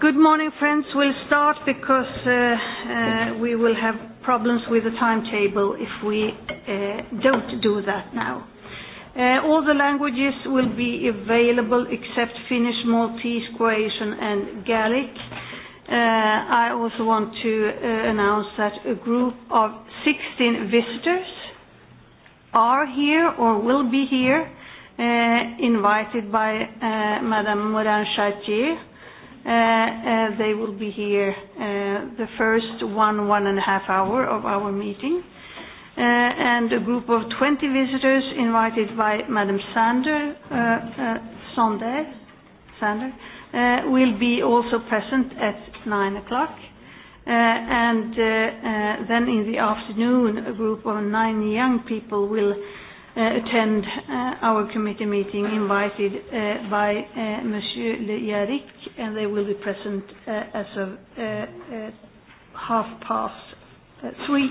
Good morning, friends. We'll start because uh, uh, we will have problems with the timetable if we uh, don't do that now. Uh, all the languages will be available except Finnish, Maltese, Croatian, and Gaelic. Uh, I also want to uh, announce that a group of 16 visitors are here or will be here, uh, invited by uh, Madame Moran Chartier. Uh, uh, they will be here uh, the first one, one and a half hour of our meeting. Uh, and a group of 20 visitors invited by Madame Sander, uh, uh, Sander, Sander uh, will be also present at 9 o'clock. Uh, Uh, and uh, uh, then in the afternoon, a group of nine young people will uh, attend uh, our committee meeting invited uh, by uh, Monsieur Le Yarik, and they will be present uh, as of uh, uh, half past uh, three.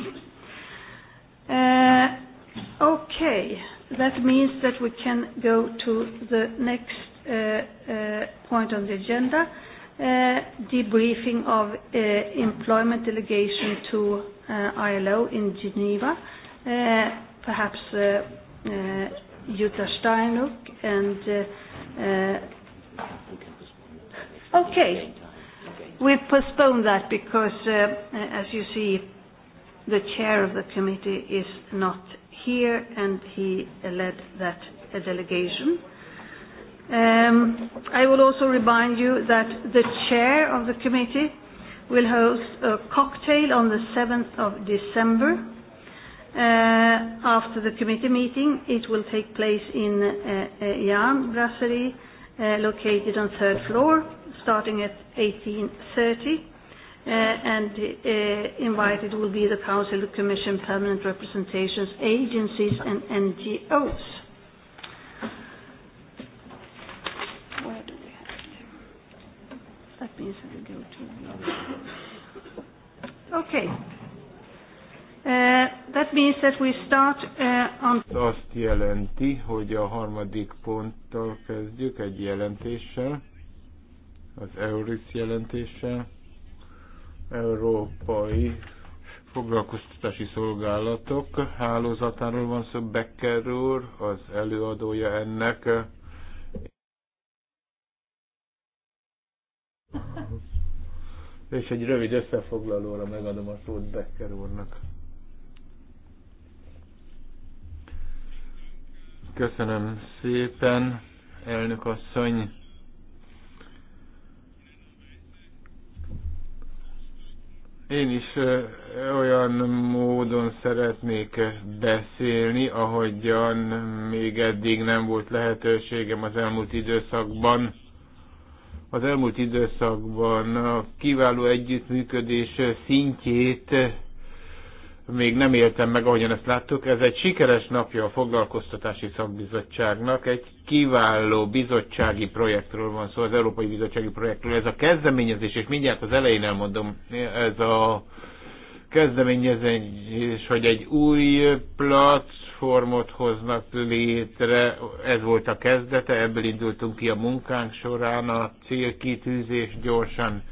Uh, okay, that means that we can go to the next uh, uh, point on the agenda Uh, debriefing of uh, employment delegation to uh, ILO in Geneva. Uh, perhaps uh, uh, Jutta Steinruck and. Uh, uh, okay. We postpone that because, uh, uh, as you see, the chair of the committee is not here and he led that delegation. Uh, Um, I will also remind you that the chair of the committee will host a cocktail on the 7th of December. Uh, after the committee meeting, it will take place in uh, Jan uh, Brasserie, uh, located on third floor, starting at 18.30. Uh, and uh, invited will be the Council, the Commission, permanent representations, agencies, and NGOs. That means questa penso che devo Okay. Uh, that means that we start uh, on... Azt jelenti, hogy a harmadik ponttal kezdjük egy jelentéssel, az EURIS jelentéssel, Európai Foglalkoztatási Szolgálatok hálózatáról van szó, Becker úr, az előadója ennek, És egy rövid összefoglalóra megadom a szót Becker úrnak. Köszönöm szépen, elnök asszony. Én is olyan módon szeretnék beszélni, ahogyan még eddig nem volt lehetőségem az elmúlt időszakban az elmúlt időszakban a kiváló együttműködés szintjét még nem éltem meg, ahogyan ezt láttuk. Ez egy sikeres napja a Foglalkoztatási Szakbizottságnak. Egy kiváló bizottsági projektről van szó, az Európai Bizottsági Projektről. Ez a kezdeményezés, és mindjárt az elején elmondom, ez a kezdeményezés, hogy egy új plac, platformot hoznak létre, ez volt a kezdete, ebből indultunk ki a munkánk során, a célkitűzés gyorsan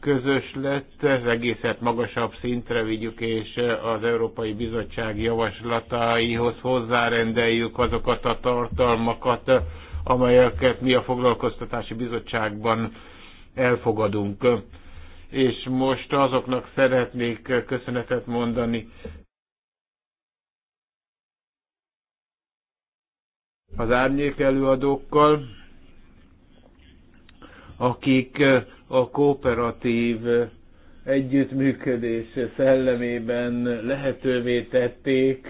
közös lett, az egészet magasabb szintre vigyük, és az Európai Bizottság javaslataihoz hozzárendeljük azokat a tartalmakat, amelyeket mi a Foglalkoztatási Bizottságban elfogadunk. És most azoknak szeretnék köszönetet mondani, az árnyék előadókkal, akik eh, a kooperatív eh, együttműködés szellemében lehetővé tették,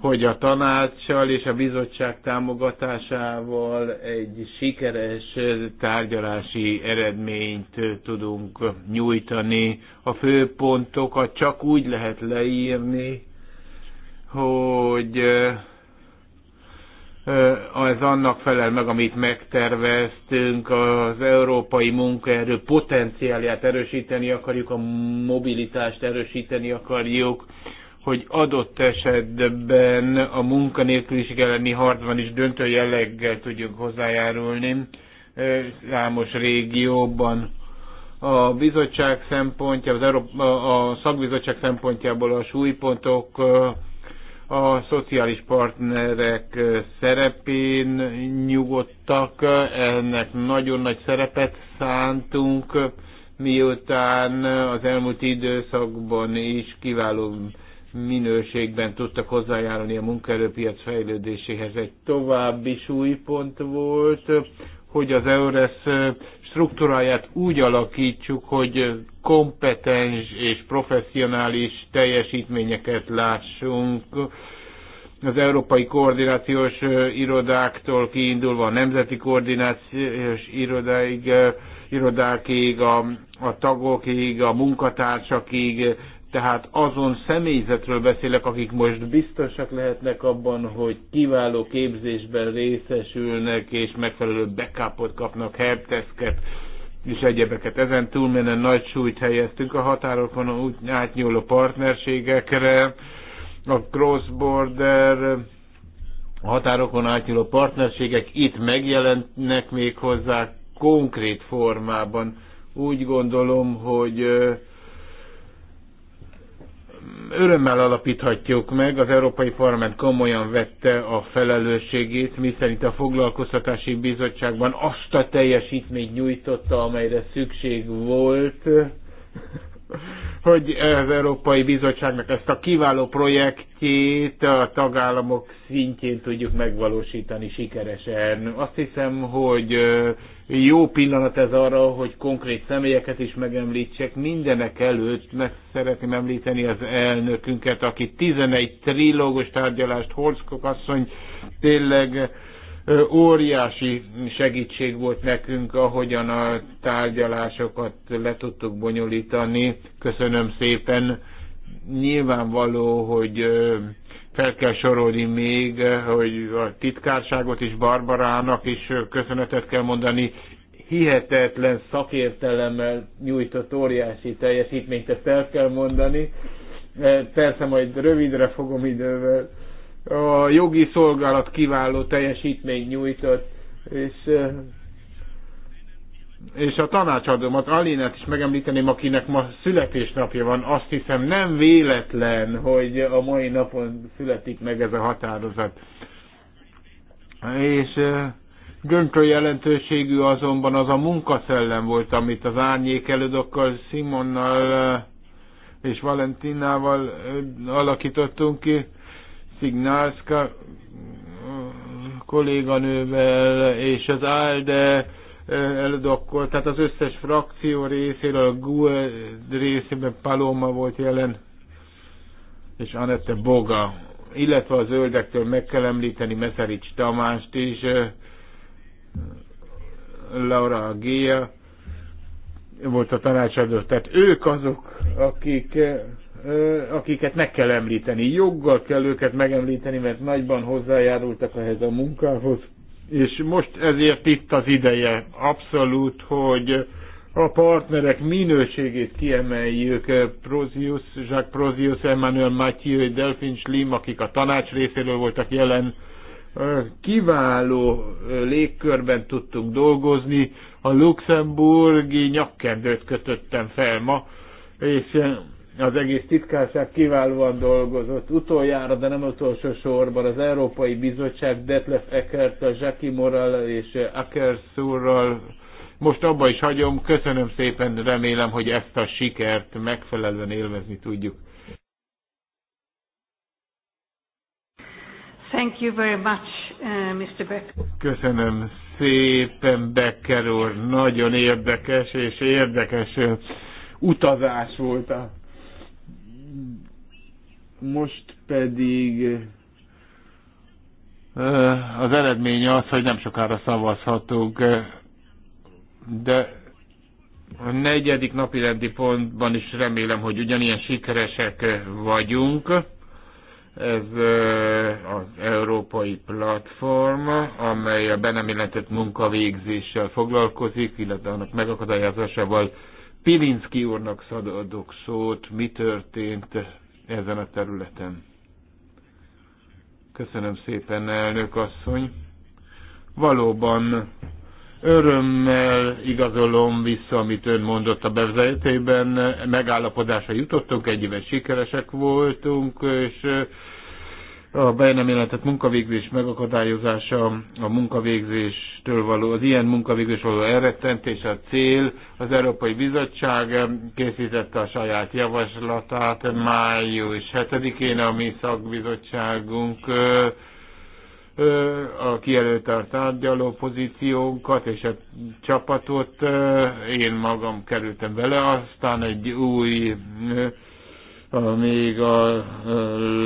hogy a tanácssal és a bizottság támogatásával egy sikeres eh, tárgyalási eredményt tudunk nyújtani. A főpontokat csak úgy lehet leírni, hogy az annak felel meg, amit megterveztünk, az európai munkaerő potenciálját erősíteni akarjuk, a mobilitást erősíteni akarjuk, hogy adott esetben a munkanélküliség elleni harcban is döntő jelleggel tudjuk hozzájárulni számos régióban. A bizottság szempontja, az Európa, a szakbizottság szempontjából a súlypontok a szociális partnerek szerepén nyugodtak, ennek nagyon nagy szerepet szántunk, miután az elmúlt időszakban is kiváló minőségben tudtak hozzájárulni a munkaerőpiac fejlődéséhez. Egy további súlypont volt, hogy az EURES struktúráját úgy alakítsuk, hogy kompetens és professzionális teljesítményeket lássunk, az európai koordinációs irodáktól kiindulva a nemzeti koordinációs irodáig, irodákig, a, a tagokig, a munkatársakig tehát azon személyzetről beszélek, akik most biztosak lehetnek abban, hogy kiváló képzésben részesülnek, és megfelelő backupot kapnak, helpdesket, és egyebeket. Ezen túlmenően nagy súlyt helyeztünk a határokon úgy átnyúló partnerségekre, a cross-border a határokon átnyúló partnerségek itt megjelentnek még hozzá konkrét formában. Úgy gondolom, hogy örömmel alapíthatjuk meg, az Európai Parlament komolyan vette a felelősségét, miszerint a Foglalkoztatási Bizottságban azt a teljesítményt nyújtotta, amelyre szükség volt hogy az Európai Bizottságnak ezt a kiváló projektjét a tagállamok szintjén tudjuk megvalósítani sikeresen. Azt hiszem, hogy jó pillanat ez arra, hogy konkrét személyeket is megemlítsek. Mindenek előtt meg szeretném említeni az elnökünket, aki 11 trilógus tárgyalást, Horszkok asszony tényleg óriási segítség volt nekünk, ahogyan a tárgyalásokat le tudtuk bonyolítani. Köszönöm szépen. Nyilvánvaló, hogy fel kell sorolni még, hogy a titkárságot is Barbarának is köszönetet kell mondani. Hihetetlen szakértelemmel nyújtott óriási teljesítményt, ezt el kell mondani. Persze majd rövidre fogom idővel a jogi szolgálat kiváló teljesítményt nyújtott, és és a tanácsadómat, Alinát is megemlíteném, akinek ma születésnapja van, azt hiszem nem véletlen, hogy a mai napon születik meg ez a határozat. És döntő jelentőségű azonban az a munkaszellem volt, amit az árnyék elődokkal, Simonnal és Valentinával alakítottunk ki, Szignárszka mm, kolléganővel és az ALDE eh, eldokkol, tehát az összes frakció részéről, a GUE részében Paloma volt jelen, és Anette Boga, illetve a zöldektől meg kell említeni Meszerics Tamást is, eh, Laura Gia volt a tanácsadó, tehát ők azok, akik eh, akiket meg kell említeni. Joggal kell őket megemlíteni, mert nagyban hozzájárultak ehhez a munkához. És most ezért itt az ideje abszolút, hogy a partnerek minőségét kiemeljük. Prozius, Jacques Prozius, Emmanuel Mathieu, Delfin Slim, akik a tanács részéről voltak jelen, kiváló légkörben tudtunk dolgozni. A luxemburgi nyakkendőt kötöttem fel ma, és az egész titkárság kiválóan dolgozott. Utoljára, de nem utolsó sorban az Európai Bizottság Detlef a Zsaki Morral és Akers úrral most abba is hagyom. Köszönöm szépen, remélem, hogy ezt a sikert megfelelően élvezni tudjuk. Thank you very much, uh, Mr. Beck. Köszönöm szépen, Becker úr. Nagyon érdekes és érdekes uh, utazás volt a most pedig az eredmény az, hogy nem sokára szavazhatunk, de a negyedik napi rendi pontban is remélem, hogy ugyanilyen sikeresek vagyunk. Ez az európai platform, amely a be nem jelentett munkavégzéssel foglalkozik, illetve annak megakadályozásával. Pilinszki úrnak adok szót, mi történt ezen a területen. Köszönöm szépen, elnök asszony. Valóban örömmel igazolom vissza, amit ön mondott a bevezetőben. Megállapodásra jutottunk, egyébként sikeresek voltunk, és a be nem munkavégzés megakadályozása, a munkavégzéstől való, az ilyen munkavégzés való elrettentés a cél. Az Európai Bizottság készítette a saját javaslatát május 7-én, a mi szakbizottságunk a kijelölt a tárgyaló pozíciónkat és a csapatot. Én magam kerültem vele, aztán egy új még a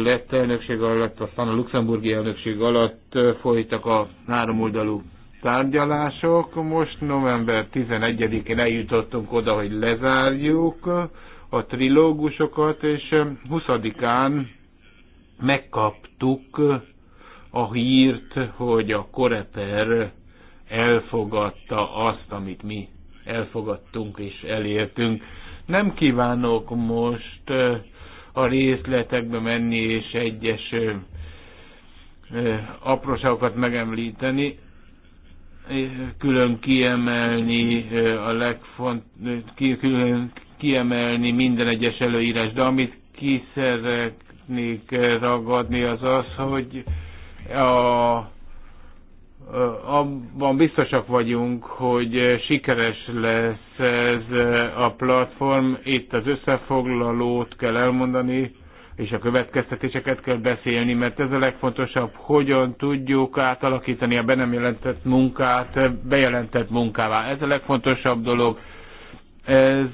lett elnökség alatt, aztán a luxemburgi elnökség alatt folytak a háromoldalú tárgyalások. Most november 11-én eljutottunk oda, hogy lezárjuk a trilógusokat, és 20-án megkaptuk a hírt, hogy a Koreper elfogadta azt, amit mi elfogadtunk és elértünk. Nem kívánok most a részletekbe menni és egyes apróságokat megemlíteni, külön kiemelni a legfont, külön kiemelni minden egyes előírás, de amit kiszeretnék ragadni az az, hogy a abban biztosak vagyunk, hogy sikeres lesz ez a platform. Itt az összefoglalót kell elmondani, és a következtetéseket kell beszélni, mert ez a legfontosabb, hogyan tudjuk átalakítani a be nem jelentett munkát bejelentett munkává. Ez a legfontosabb dolog. Ez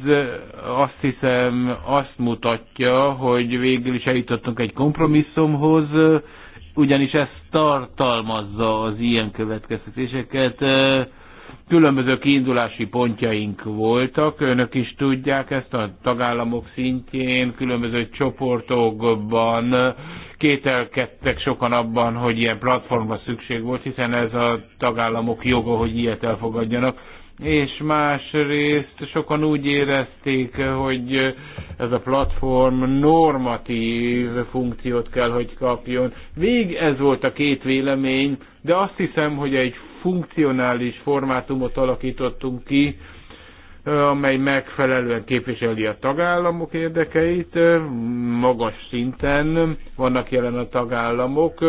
azt hiszem azt mutatja, hogy végül is eljutottunk egy kompromisszumhoz, ugyanis ez tartalmazza az ilyen következtetéseket. Különböző kiindulási pontjaink voltak, önök is tudják ezt a tagállamok szintjén, különböző csoportokban kételkedtek sokan abban, hogy ilyen platformra szükség volt, hiszen ez a tagállamok joga, hogy ilyet elfogadjanak és másrészt sokan úgy érezték, hogy ez a platform normatív funkciót kell, hogy kapjon. Vég ez volt a két vélemény, de azt hiszem, hogy egy funkcionális formátumot alakítottunk ki, amely megfelelően képviseli a tagállamok érdekeit, magas szinten vannak jelen a tagállamok,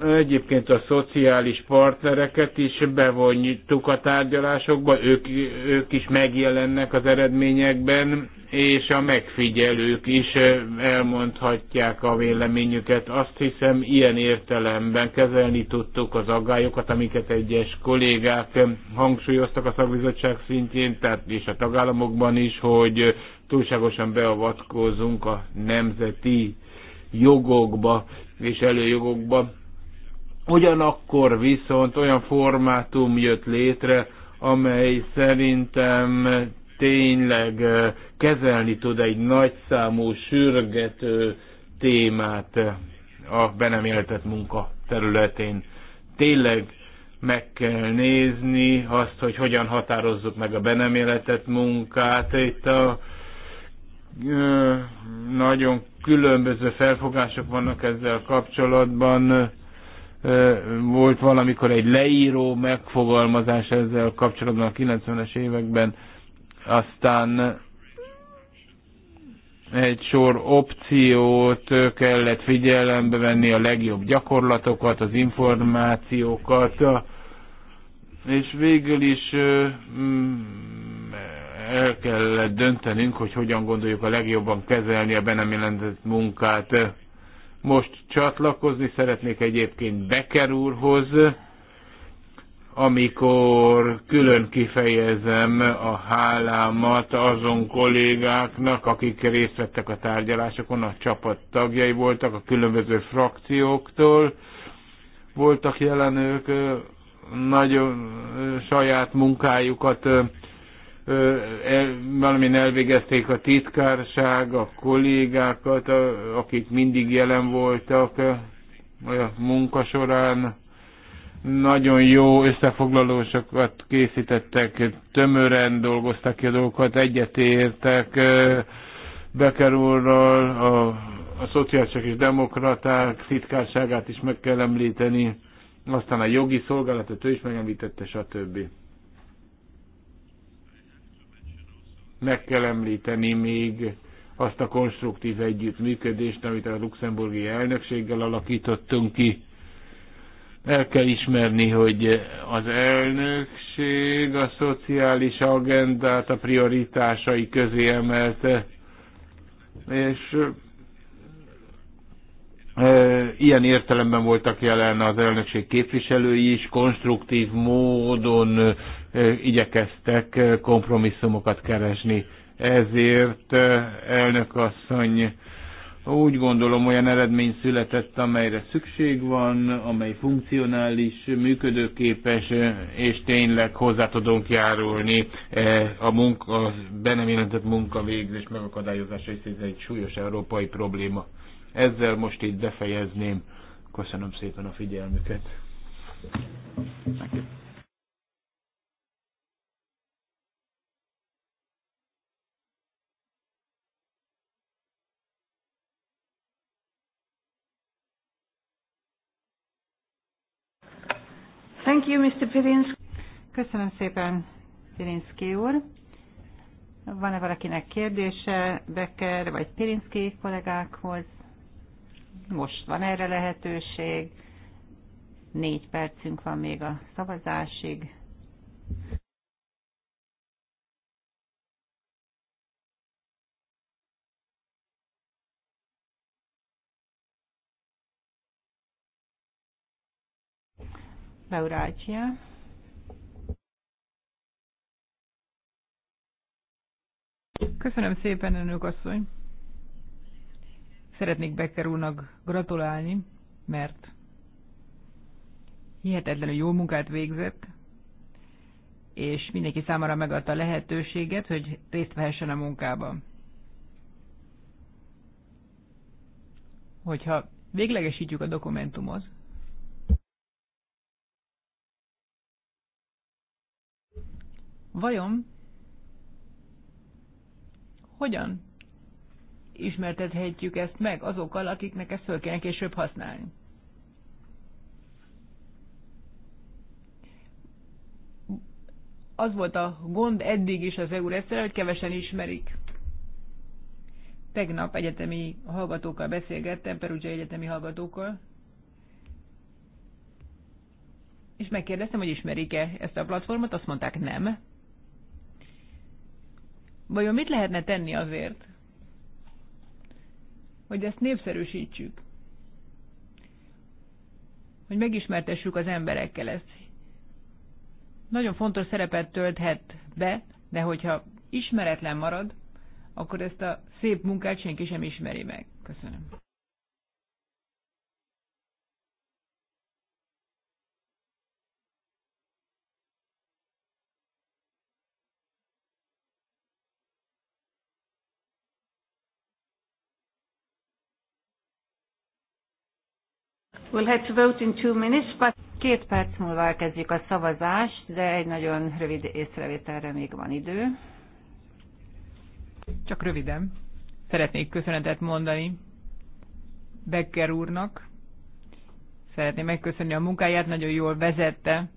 Egyébként a szociális partnereket is bevonjuk a tárgyalásokba, ők, ők is megjelennek az eredményekben, és a megfigyelők is elmondhatják a véleményüket. Azt hiszem, ilyen értelemben kezelni tudtuk az aggályokat, amiket egyes kollégák hangsúlyoztak a szakbizottság szintjén, tehát és a tagállamokban is, hogy túlságosan beavatkozunk a nemzeti jogokba és előjogokba Ugyanakkor viszont olyan formátum jött létre, amely szerintem tényleg kezelni tud egy nagyszámú sürgető témát a be nem éltett munka területén. Tényleg meg kell nézni azt, hogy hogyan határozzuk meg a be nem éltett munkát. Itt a nagyon különböző felfogások vannak ezzel kapcsolatban volt valamikor egy leíró megfogalmazás ezzel kapcsolatban a 90-es években, aztán egy sor opciót kellett figyelembe venni, a legjobb gyakorlatokat, az információkat, és végül is mm, el kellett döntenünk, hogy hogyan gondoljuk a legjobban kezelni a be munkát. Most csatlakozni szeretnék egyébként Becker úrhoz, amikor külön kifejezem a hálámat azon kollégáknak, akik részt vettek a tárgyalásokon, a csapat tagjai voltak, a különböző frakcióktól voltak jelenők, nagyon saját munkájukat el, valamint elvégezték a titkárság, a kollégákat, a, akik mindig jelen voltak a munka során. Nagyon jó összefoglalósokat készítettek, tömören dolgoztak ki a dolgokat, egyetértek Becker a, a szociálisok és demokraták titkárságát is meg kell említeni, aztán a jogi szolgálatot ő is megemlítette, stb. meg kell említeni még azt a konstruktív együttműködést, amit a luxemburgi elnökséggel alakítottunk ki. El kell ismerni, hogy az elnökség a szociális agendát a prioritásai közé emelte, és Ilyen értelemben voltak jelen az elnökség képviselői is, konstruktív módon igyekeztek kompromisszumokat keresni. Ezért elnök asszony úgy gondolom olyan eredmény született, amelyre szükség van, amely funkcionális, működőképes, és tényleg hozzá tudunk járulni a, munka, a be nem jelentett munkavégzés megakadályozása, és ez egy súlyos európai probléma. Ezzel most itt befejezném. Köszönöm szépen a figyelmüket. Thank you. Thank you, Mr. Pirinsky. Köszönöm szépen, Pirinski úr. Van-e valakinek kérdése Becker vagy Pirinski kollégákhoz? Most van erre lehetőség. Négy percünk van még a szavazásig. Laurácia. Köszönöm szépen, önök asszony. Szeretnék Becker úrnak gratulálni, mert hihetetlenül jó munkát végzett, és mindenki számára megadta a lehetőséget, hogy részt vehessen a munkában. Hogyha véglegesítjük a dokumentumot, vajon hogyan ismertethetjük ezt meg azokkal, akiknek ezt föl kéne később használni. Az volt a gond eddig is az eu hogy kevesen ismerik. Tegnap egyetemi hallgatókkal beszélgettem, Perugia egyetemi hallgatókkal, és megkérdeztem, hogy ismerik-e ezt a platformot, azt mondták nem. Vajon mit lehetne tenni azért, hogy ezt népszerűsítsük. Hogy megismertessük az emberekkel ezt. Nagyon fontos szerepet tölthet be, de hogyha ismeretlen marad, akkor ezt a szép munkát senki sem ismeri meg. Köszönöm. We'll have to vote in two minutes, but... Két perc múlva elkezdjük a szavazást, de egy nagyon rövid észrevételre még van idő. Csak röviden. Szeretnék köszönetet mondani Becker úrnak. Szeretném megköszönni a munkáját, nagyon jól vezette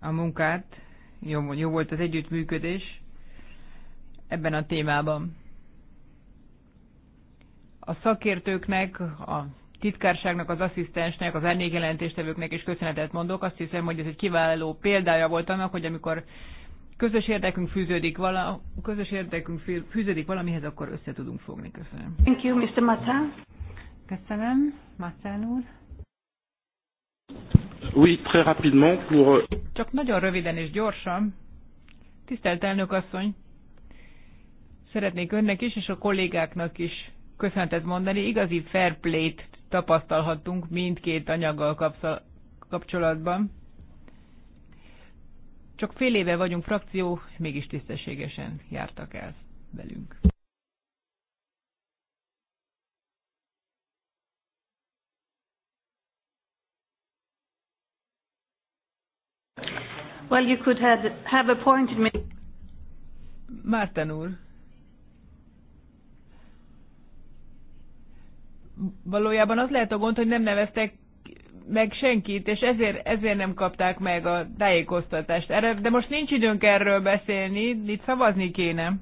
a munkát. Jó, jó volt az együttműködés ebben a témában. A szakértőknek, a titkárságnak, az asszisztensnek, az jelentéstevőknek is köszönetet mondok. Azt hiszem, hogy ez egy kiváló példája volt annak, hogy amikor közös érdekünk fűződik, vala, közös érdekünk fűződik valamihez, akkor össze tudunk fogni. Köszönöm. Thank you, Mr. Mata. Köszönöm, Matán úr. Oui, très rapidement pour... Euh, Csak nagyon röviden és gyorsan. Tisztelt elnök asszony, szeretnék önnek is és a kollégáknak is köszöntet mondani. Igazi fair play-t tapasztalhatunk mindkét anyaggal kapcsolatban. Csak fél éve vagyunk frakció, mégis tisztességesen jártak el velünk. Well, you could have, have appointed me. Márten úr, valójában az lehet a gond, hogy nem neveztek meg senkit, és ezért, ezért nem kapták meg a tájékoztatást. Erre, de most nincs időnk erről beszélni, itt szavazni kéne.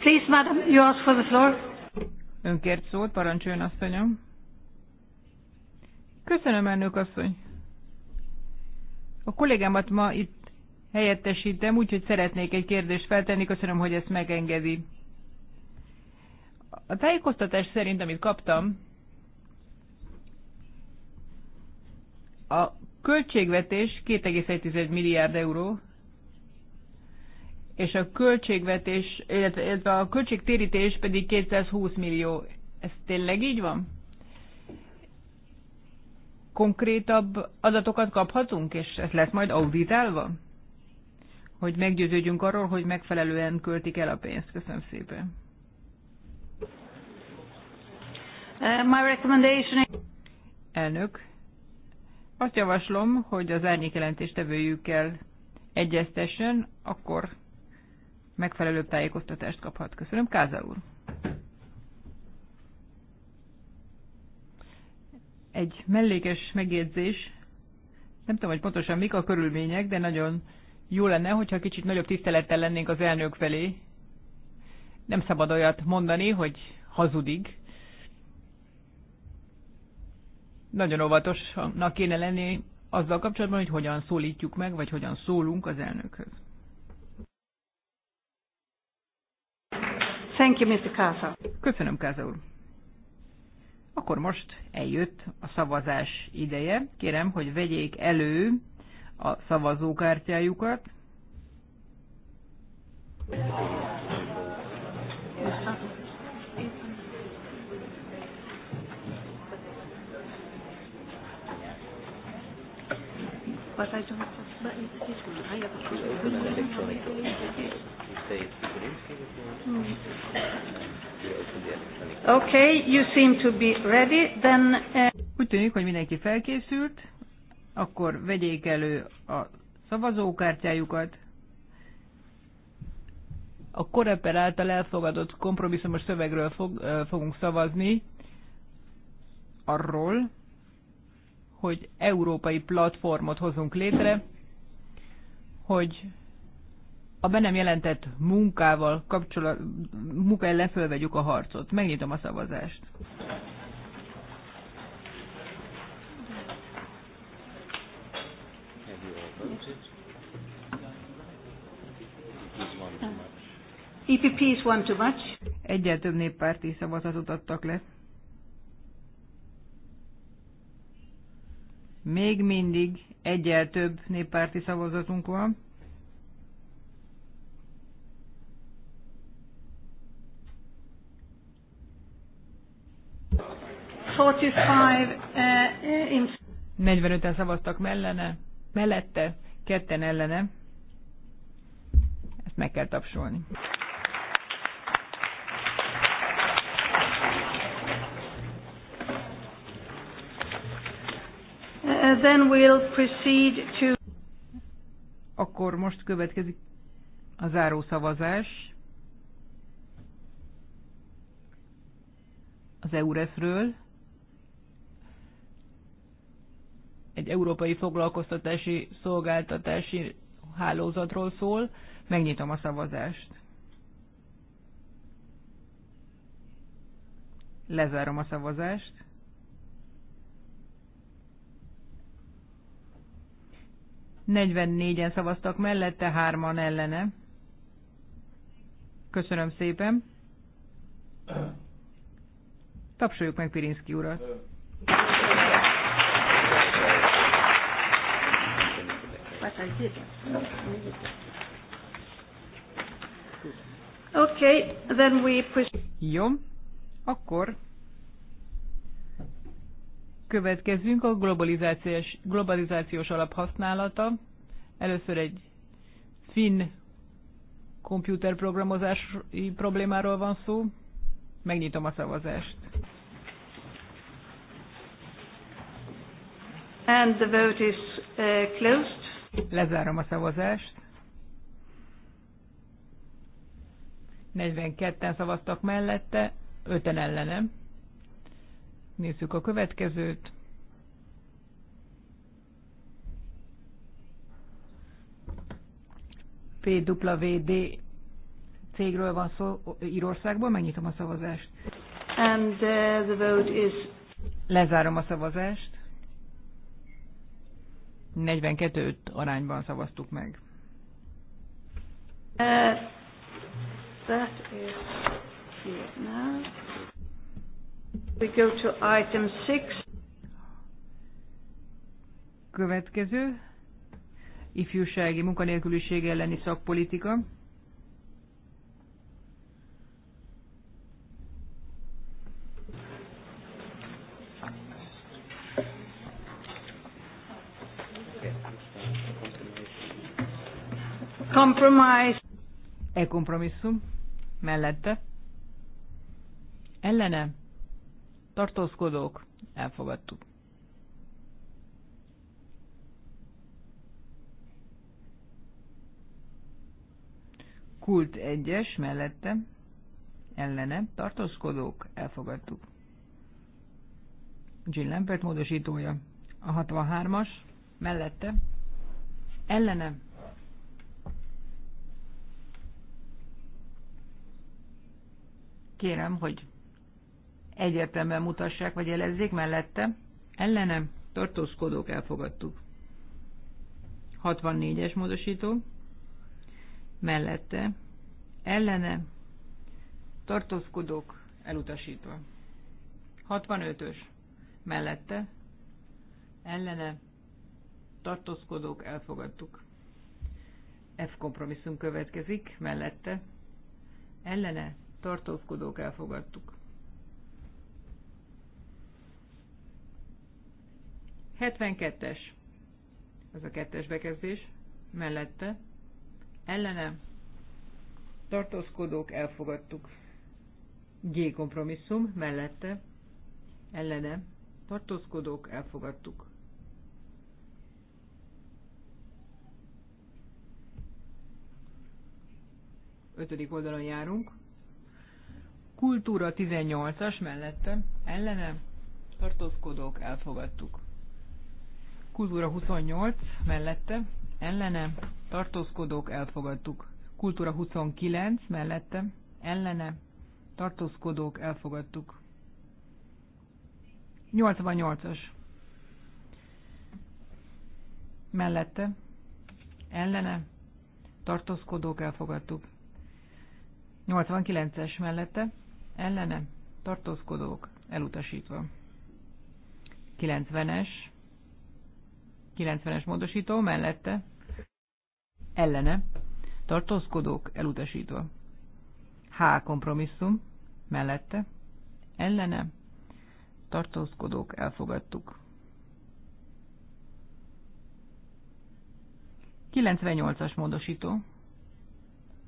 Please, madam, you ask for the floor. Ön kért szót, parancsoljon, asszonyom. Köszönöm, elnök asszony. A kollégámat ma itt helyettesítem, úgyhogy szeretnék egy kérdést feltenni, köszönöm, hogy ezt megengedi. A tájékoztatás szerint, amit kaptam, a költségvetés 2,1 milliárd euró, és a költségvetés, illetve a költségtérítés pedig 220 millió. Ez tényleg így van? Konkrétabb adatokat kaphatunk, és ez lesz majd auditálva? hogy meggyőződjünk arról, hogy megfelelően költik el a pénzt. Köszönöm szépen. Uh, my recommendation Elnök, azt javaslom, hogy az tevőjükkel egyeztessen, akkor megfelelő tájékoztatást kaphat. Köszönöm, Káza úr. Egy mellékes megjegyzés. Nem tudom, hogy pontosan mik a körülmények, de nagyon jó lenne, hogyha kicsit nagyobb tisztelettel lennénk az elnök felé. Nem szabad olyat mondani, hogy hazudik. Nagyon óvatosnak kéne lenni azzal kapcsolatban, hogy hogyan szólítjuk meg, vagy hogyan szólunk az elnökhöz. Thank you, Mr. Kaza. Köszönöm, Káza úr. Akkor most eljött a szavazás ideje. Kérem, hogy vegyék elő a szavazókártyájukat. Mm. Okay, you seem to be ready. Then uh... Úgy tűnik, hogy mindenki felkészült akkor vegyék elő a szavazókártyájukat. A Koreper által elfogadott kompromisszumos szövegről fog, fogunk szavazni, arról, hogy európai platformot hozunk létre, hogy a be nem jelentett munkával kapcsolat, munka ellen fölvegyük a harcot. Megnyitom a szavazást. EPP is one too much. Egyel több néppárti szavazatot adtak le. Még mindig egyel több néppárti szavazatunk van. Forty-five uh, in 45-en szavaztak mellene, mellette, ketten ellene. Ezt meg kell tapsolni. then we'll proceed to... Akkor most következik a záró szavazás az EURES-ről. Egy európai foglalkoztatási szolgáltatási hálózatról szól. Megnyitom a szavazást. Lezárom a szavazást. 44-en szavaztak mellette, hárman ellene. Köszönöm szépen. Tapsoljuk meg Pirinszki urat. Okay, then we push. Jó, akkor következünk a globalizációs, globalizációs alap használata. Először egy finn komputerprogramozási problémáról van szó. Megnyitom a szavazást. And the vote is uh, closed. Lezárom a szavazást. 42-en szavaztak mellette, 5-en ellenem. Nézzük a következőt. PWD cégről van szó Írországból, megnyitom a szavazást. And uh, the vote is... Lezárom a szavazást. 42 arányban szavaztuk meg. Uh, that is We go to item six. Következő. Ifjúsági munkanélküliség elleni szakpolitika. Compromise. E kompromisszum. Mellette. Ellene tartózkodók, elfogadtuk. Kult egyes mellette, ellene, tartózkodók, elfogadtuk. Jill Lampert módosítója, a 63-as, mellette, ellene, kérem, hogy egyértelműen mutassák, vagy jelezzék mellette. Ellenem tartózkodók elfogadtuk. 64-es módosító. Mellette. Ellene tartózkodók elutasítva. 65-ös. Mellette. Ellene tartózkodók elfogadtuk. F kompromisszum következik, mellette. Ellene tartózkodók elfogadtuk. 72-es, ez a kettes bekezdés, mellette, ellene, tartózkodók, elfogadtuk. G kompromisszum, mellette, ellene, tartózkodók, elfogadtuk. Ötödik oldalon járunk. Kultúra 18-as mellette, ellene, tartózkodók, elfogadtuk. Kultúra 28 mellette, ellene, tartózkodók elfogadtuk. Kultúra 29 mellette, ellene, tartózkodók elfogadtuk. 88-as mellette, ellene, tartózkodók elfogadtuk. 89-es mellette, ellene, tartózkodók elutasítva. 90-es 90-es módosító mellette ellene tartózkodók elutasítva. H kompromisszum mellette ellene tartózkodók elfogadtuk. 98-as módosító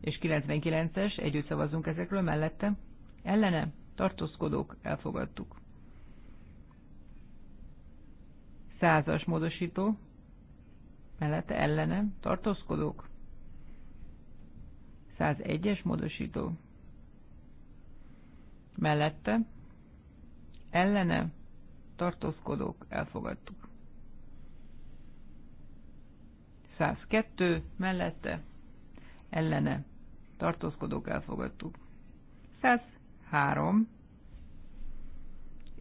és 99-es, együtt szavazunk ezekről mellette, ellene tartózkodók elfogadtuk. Százas módosító. Mellette ellene tartózkodók. 101-es módosító. Mellette ellene tartózkodók elfogadtuk. 102 mellette ellene tartózkodók elfogadtuk. 103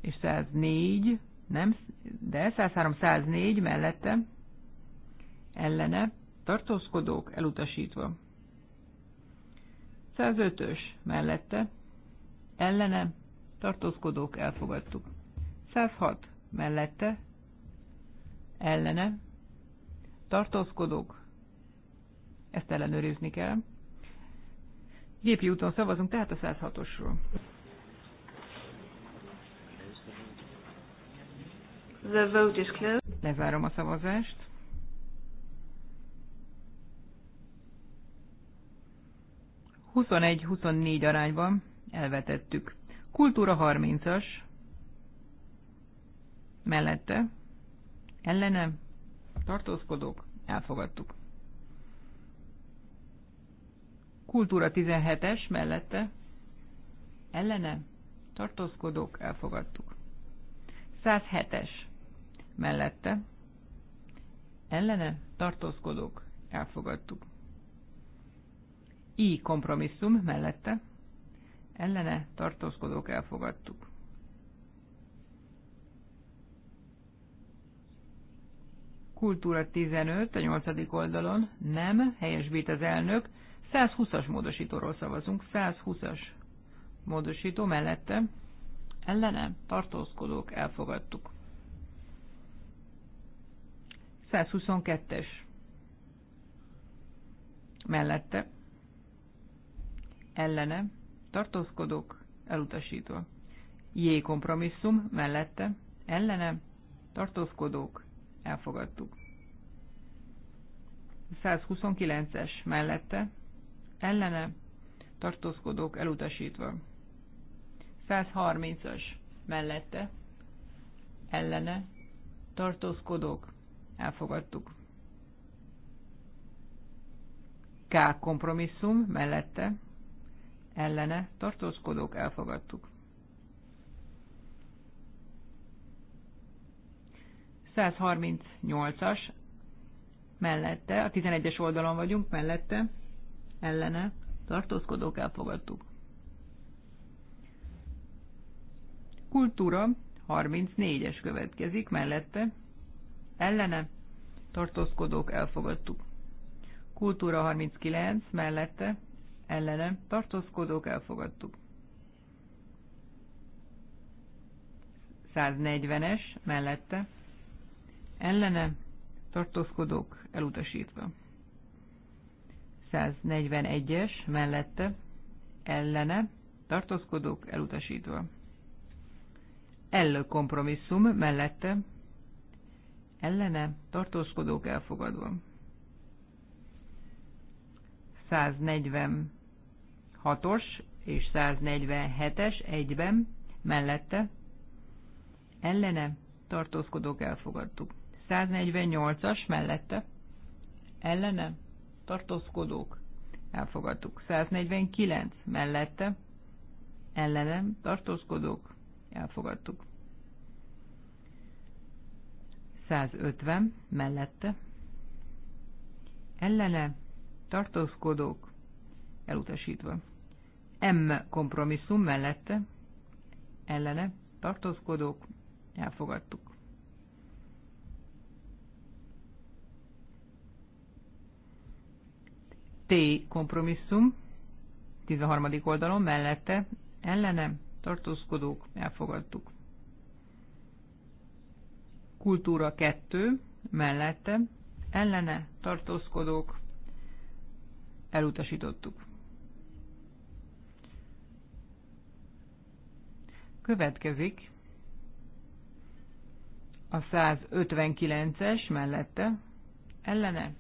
és 104 nem, de 103-104 mellette ellene tartózkodók elutasítva. 105-ös mellette ellene tartózkodók elfogadtuk. 106 mellette ellene tartózkodók ezt ellenőrizni kell. Gépi úton szavazunk tehát a 106-osról. The vote is closed. Lezárom a szavazást. Huszonegy, huszonnégy arányban elvetettük. Kultúra 30-as. Mellette. Ellene. Tartózkodók. Elfogadtuk. Kultúra 17-es. Mellette. Ellene. Tartózkodók. Elfogadtuk. 107-es mellette, ellene tartózkodók elfogadtuk. I kompromisszum mellette, ellene tartózkodók elfogadtuk. Kultúra 15, a 8. oldalon, nem, helyesbít az elnök, 120-as módosítóról szavazunk, 120-as módosító mellette, ellene tartózkodók elfogadtuk. 122-es mellette ellene tartózkodok elutasítva. J kompromisszum mellette ellene tartózkodók elfogadtuk. 129-es mellette ellene tartózkodók elutasítva. 130-as mellette ellene tartózkodók elfogadtuk. K kompromisszum mellette ellene tartózkodók elfogadtuk. 138-as mellette, a 11-es oldalon vagyunk, mellette, ellene tartózkodók elfogadtuk. Kultúra 34-es következik, mellette ellene, tartózkodók elfogadtuk. Kultúra 39 mellette, ellene, tartózkodók elfogadtuk. 140-es mellette, ellene, tartózkodók elutasítva. 141-es mellette, ellene, tartózkodók elutasítva. L kompromisszum mellette, ellene tartózkodók elfogadva. 146-os és 147-es egyben mellette ellene tartózkodók elfogadtuk. 148-as mellette ellene tartózkodók elfogadtuk. 149 mellette ellenem tartózkodók elfogadtuk. 150 mellette ellene tartózkodók elutasítva. M kompromisszum mellette ellene tartózkodók elfogadtuk. T kompromisszum 13. oldalon mellette ellene tartózkodók elfogadtuk kultúra 2 mellette ellene tartózkodók elutasítottuk. Következik a 159-es mellette ellene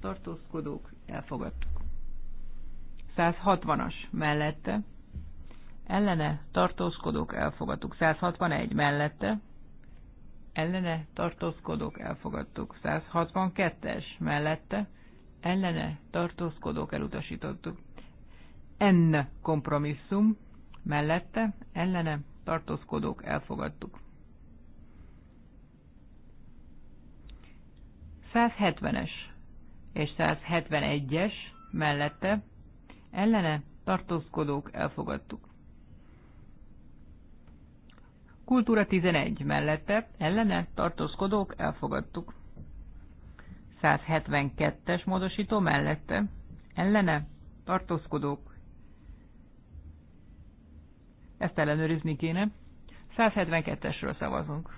tartózkodók elfogadtuk. 160-as mellette ellene tartózkodók elfogadtuk. 161 mellette ellene tartózkodók elfogadtuk. 162-es mellette ellene tartózkodók elutasítottuk. N kompromisszum mellette ellene tartózkodók elfogadtuk. 170-es és 171-es mellette ellene tartózkodók elfogadtuk. Kultúra 11 mellette ellene tartózkodók elfogadtuk. 172-es módosító mellette ellene tartózkodók. Ezt ellenőrizni kéne. 172-esről szavazunk.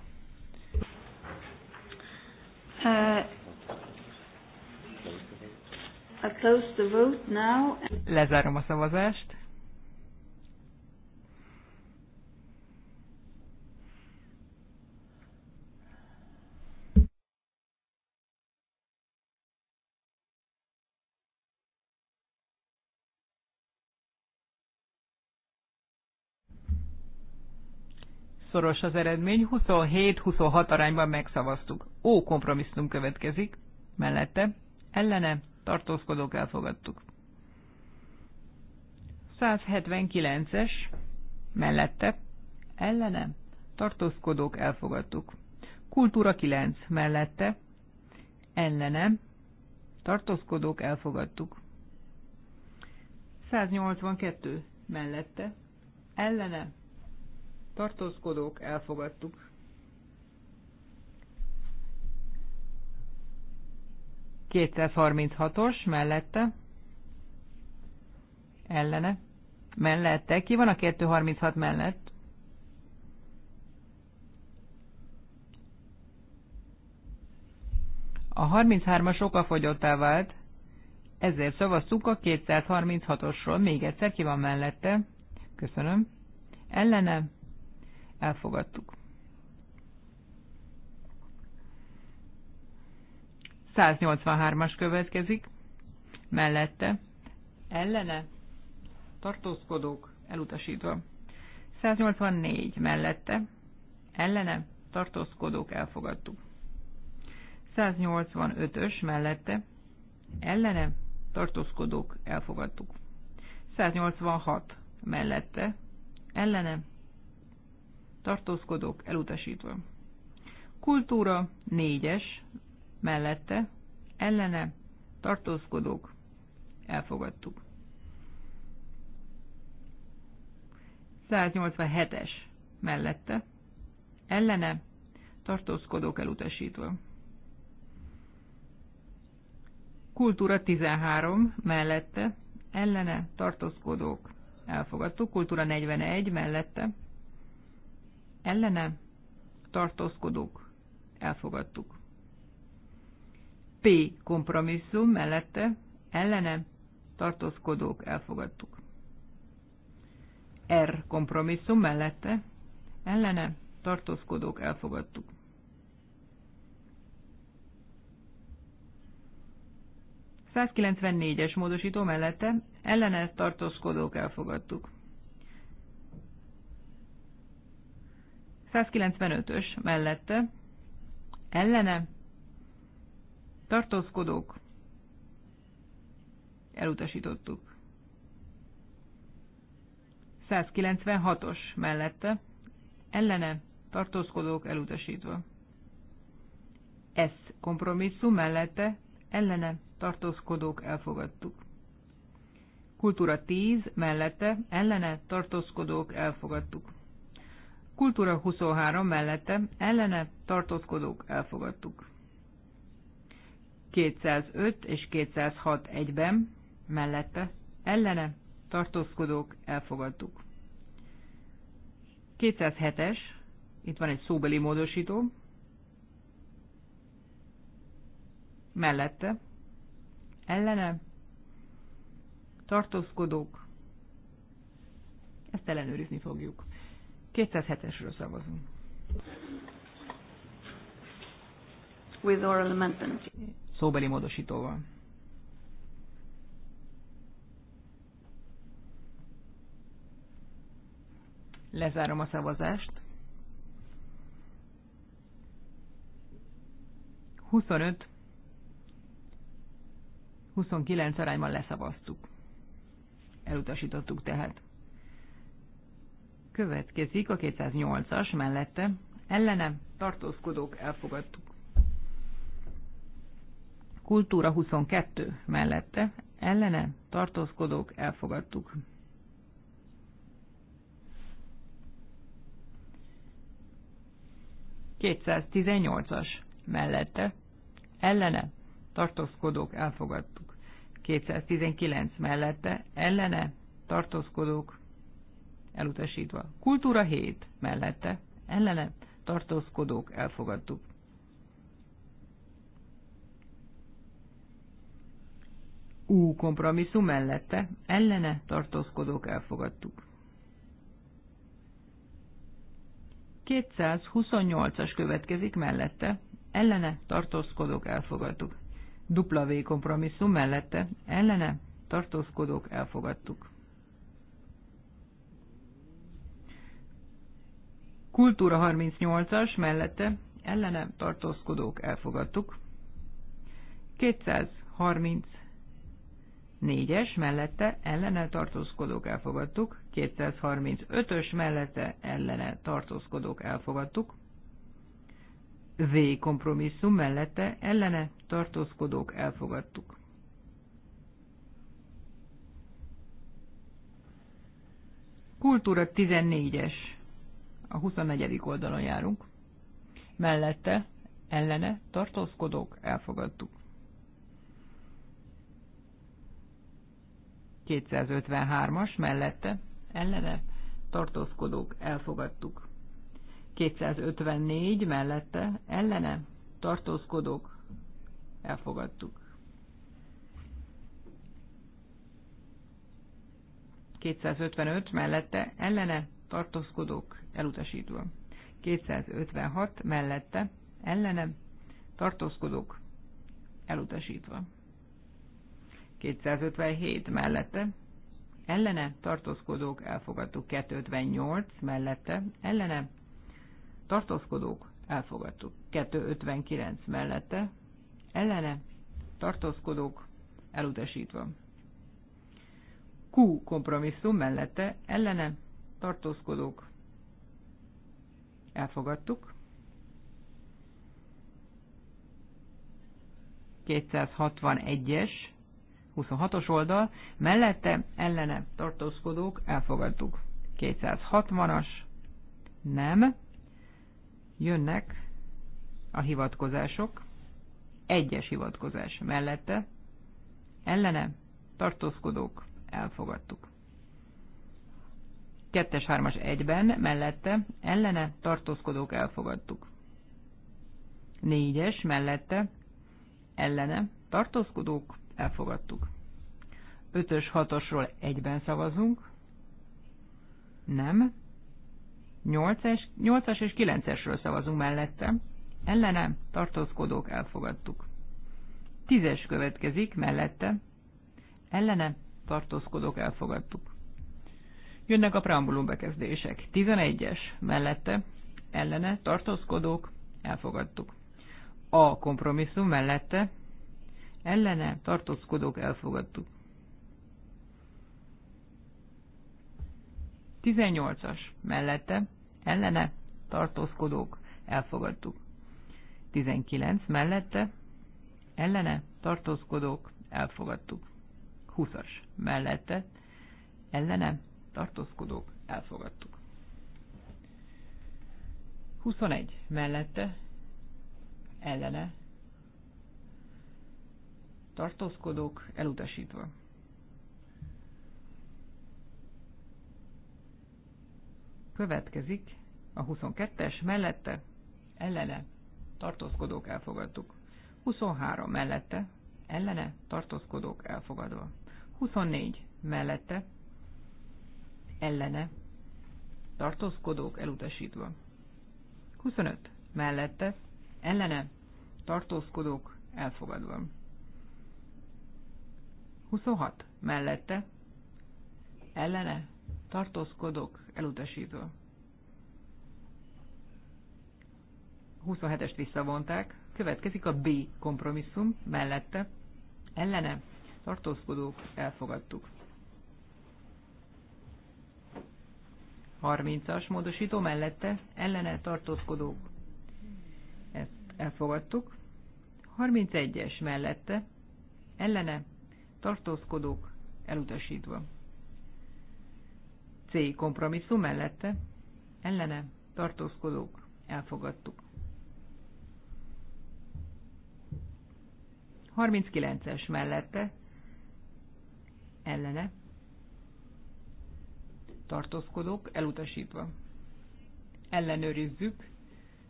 Uh, I close the vote now. Lezárom a szavazást. szoros az eredmény, 27-26 arányban megszavaztuk. Ó kompromisszum következik, mellette, ellene, tartózkodók elfogadtuk. 179-es, mellette, ellene, tartózkodók elfogadtuk. Kultúra 9, mellette, ellene, tartózkodók elfogadtuk. 182, mellette, ellene, tartózkodók, elfogadtuk. os mellette, ellene, mellette, ki van a 236 mellett? A 33-as okafogyottá vált, ezért szavaztuk a 236-osról. Még egyszer ki van mellette. Köszönöm. Ellene elfogadtuk. 183-as következik, mellette, ellene, tartózkodók, elutasítva. 184 mellette, ellene, tartózkodók, elfogadtuk. 185-ös mellette, ellene, tartózkodók, elfogadtuk. 186 mellette, ellene, tartózkodók elutasítva. Kultúra négyes, mellette, ellene, tartózkodók elfogadtuk. 187-es mellette, ellene, tartózkodók elutasítva. Kultúra 13 mellette, ellene, tartózkodók elfogadtuk. Kultúra 41 mellette, ellene tartózkodók elfogadtuk. P kompromisszum mellette ellene tartózkodók elfogadtuk. R kompromisszum mellette ellene tartózkodók elfogadtuk. es módosító mellette ellene tartózkodók elfogadtuk. 195-ös mellette ellene tartózkodók elutasítottuk. 196-os mellette ellene tartózkodók elutasítva. Ez kompromisszum mellette ellene tartózkodók elfogadtuk. Kultúra 10 mellette ellene tartózkodók elfogadtuk. Kultúra 23 mellette ellene tartózkodók elfogadtuk. 205 és 206 egyben mellette ellene tartózkodók elfogadtuk. 207-es, itt van egy szóbeli módosító, mellette ellene tartózkodók, ezt ellenőrizni fogjuk. 207-esről szavazunk. With oral amendment. Szóbeli módosítóval. Lezárom a szavazást. 25 29 arányban leszavaztuk. Elutasítottuk tehát. Következik a 208-as mellette. Ellene tartózkodók elfogadtuk. Kultúra 22 mellette. Ellene tartózkodók elfogadtuk. 218-as mellette. Ellene tartózkodók elfogadtuk. 219 mellette ellene tartózkodók elutasítva. Kultúra 7 mellette, ellene tartózkodók elfogadtuk. Ú kompromisszum mellette, ellene tartózkodók elfogadtuk. 228-as következik mellette, ellene tartózkodók elfogadtuk. W kompromisszum mellette, ellene tartózkodók elfogadtuk. Kultúra 38-as mellette ellene tartózkodók elfogadtuk. 234-es mellette ellene tartózkodók elfogadtuk. 235-ös mellette ellene tartózkodók elfogadtuk. V kompromisszum mellette ellene tartózkodók elfogadtuk. Kultúra 14-es a 24. oldalon járunk. Mellette, ellene, tartózkodók, elfogadtuk. 253-as mellette, ellene, tartózkodók, elfogadtuk. 254 mellette, ellene, tartózkodók, elfogadtuk. 255 mellette, ellene, tartózkodók, elutasítva. 256 mellette, ellene, tartózkodók, elutasítva. 257 mellette, ellene, tartózkodók, elfogadtuk. 258 mellette, ellene, tartózkodók, elfogadtuk. 259 mellette, ellene, tartózkodók, elutasítva. Q kompromisszum mellette, ellene, tartózkodók, elfogadtuk. 261-es, 26-os oldal, mellette ellene tartózkodók elfogadtuk. 260-as, nem, jönnek a hivatkozások, egyes hivatkozás mellette, ellene tartózkodók elfogadtuk. 2-es, 3-as, 1-ben mellette ellene tartózkodók elfogadtuk. 4-es mellette ellene tartózkodók elfogadtuk. 5-ös, 6-osról 1-ben szavazunk. Nem. 8-es, 8-as és 9-esről szavazunk mellette. Ellene tartózkodók elfogadtuk. 10-es következik mellette. Ellene tartózkodók elfogadtuk. Jönnek a preambulum bekezdések. 11-es mellette ellene tartózkodók elfogadtuk. A kompromisszum mellette ellene tartózkodók elfogadtuk. 18-as mellette ellene tartózkodók elfogadtuk. 19 mellette ellene tartózkodók elfogadtuk. 20-as mellette ellene tartózkodók, elfogadtuk. 21 mellette, ellene, tartózkodók, elutasítva. Következik a 22-es mellette, ellene, tartózkodók, elfogadtuk. 23 mellette, ellene, tartózkodók, elfogadva. 24 mellette, ellene, tartózkodók elutasítva. 25. Mellette, ellene, tartózkodók elfogadva. 26. Mellette, ellene, tartózkodók elutasítva. 27-est visszavonták, következik a B kompromisszum mellette, ellene, tartózkodók elfogadtuk. 30-as módosító mellette ellene tartózkodók. Ezt elfogadtuk. 31-es mellette ellene tartózkodók elutasítva. C. Kompromisszum mellette ellene tartózkodók elfogadtuk. 39-es mellette ellene tartózkodók elutasítva. Ellenőrizzük,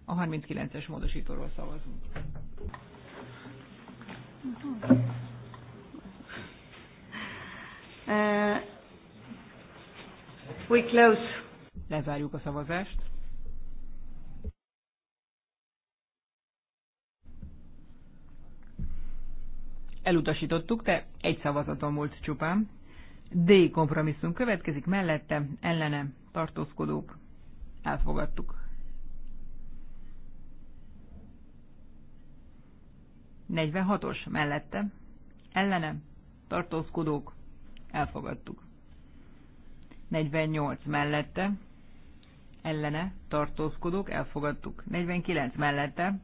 a 39-es módosítóról szavazunk. Uh, we close. Lezárjuk a szavazást. Elutasítottuk, de egy szavazaton volt csupán. D kompromisszum következik, mellette ellene tartózkodók elfogadtuk. 46 mellette ellene tartózkodók elfogadtuk. 48 mellette ellene tartózkodók elfogadtuk. 49 mellette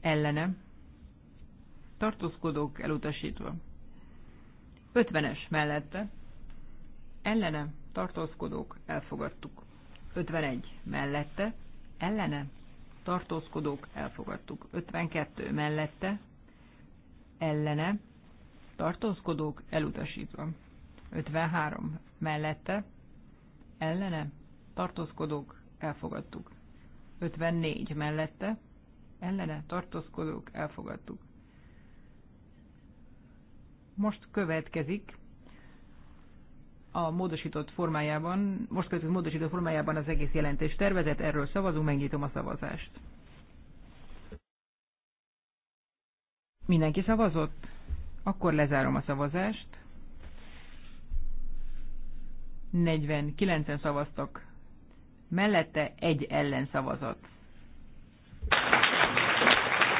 ellene tartózkodók elutasítva. 50-es mellette ellene tartózkodók elfogadtuk. 51 mellette ellene tartózkodók elfogadtuk. 52 mellette ellene tartózkodók elutasítva. 53 mellette ellene tartózkodók elfogadtuk. 54 mellette ellene tartózkodók elfogadtuk. Most következik a módosított formájában, most következik módosított formájában az egész jelentés tervezet, erről szavazunk, megnyitom a szavazást. Mindenki szavazott? Akkor lezárom a szavazást. 49-en szavaztak. Mellette egy ellenszavazat.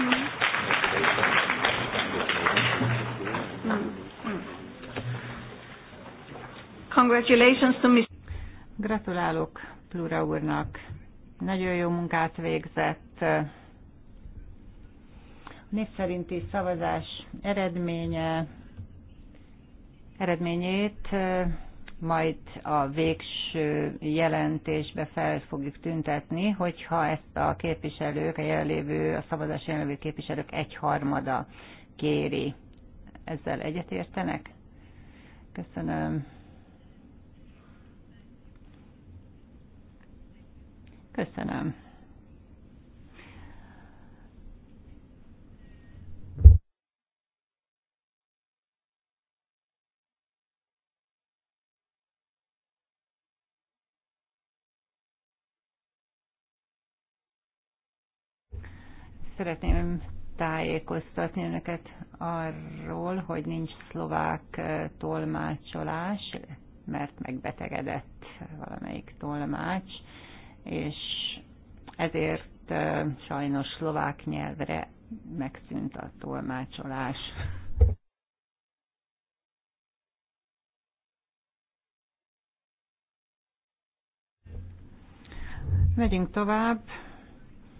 Mm. Mm-hmm. Congratulations to Mr. Gratulálok Plura úrnak. Nagyon jó munkát végzett. Név szerinti szavazás eredménye, eredményét majd a végső jelentésbe fel fogjuk tüntetni, hogyha ezt a képviselők, a jelenlévő, a szavazás jelenlévő képviselők egyharmada kéri. Ezzel egyetértenek? Köszönöm. Köszönöm. Szeretném tájékoztatni önöket arról, hogy nincs szlovák tolmácsolás, mert megbetegedett valamelyik tolmács és ezért sajnos szlovák nyelvre megszűnt a tolmácsolás. Megyünk tovább.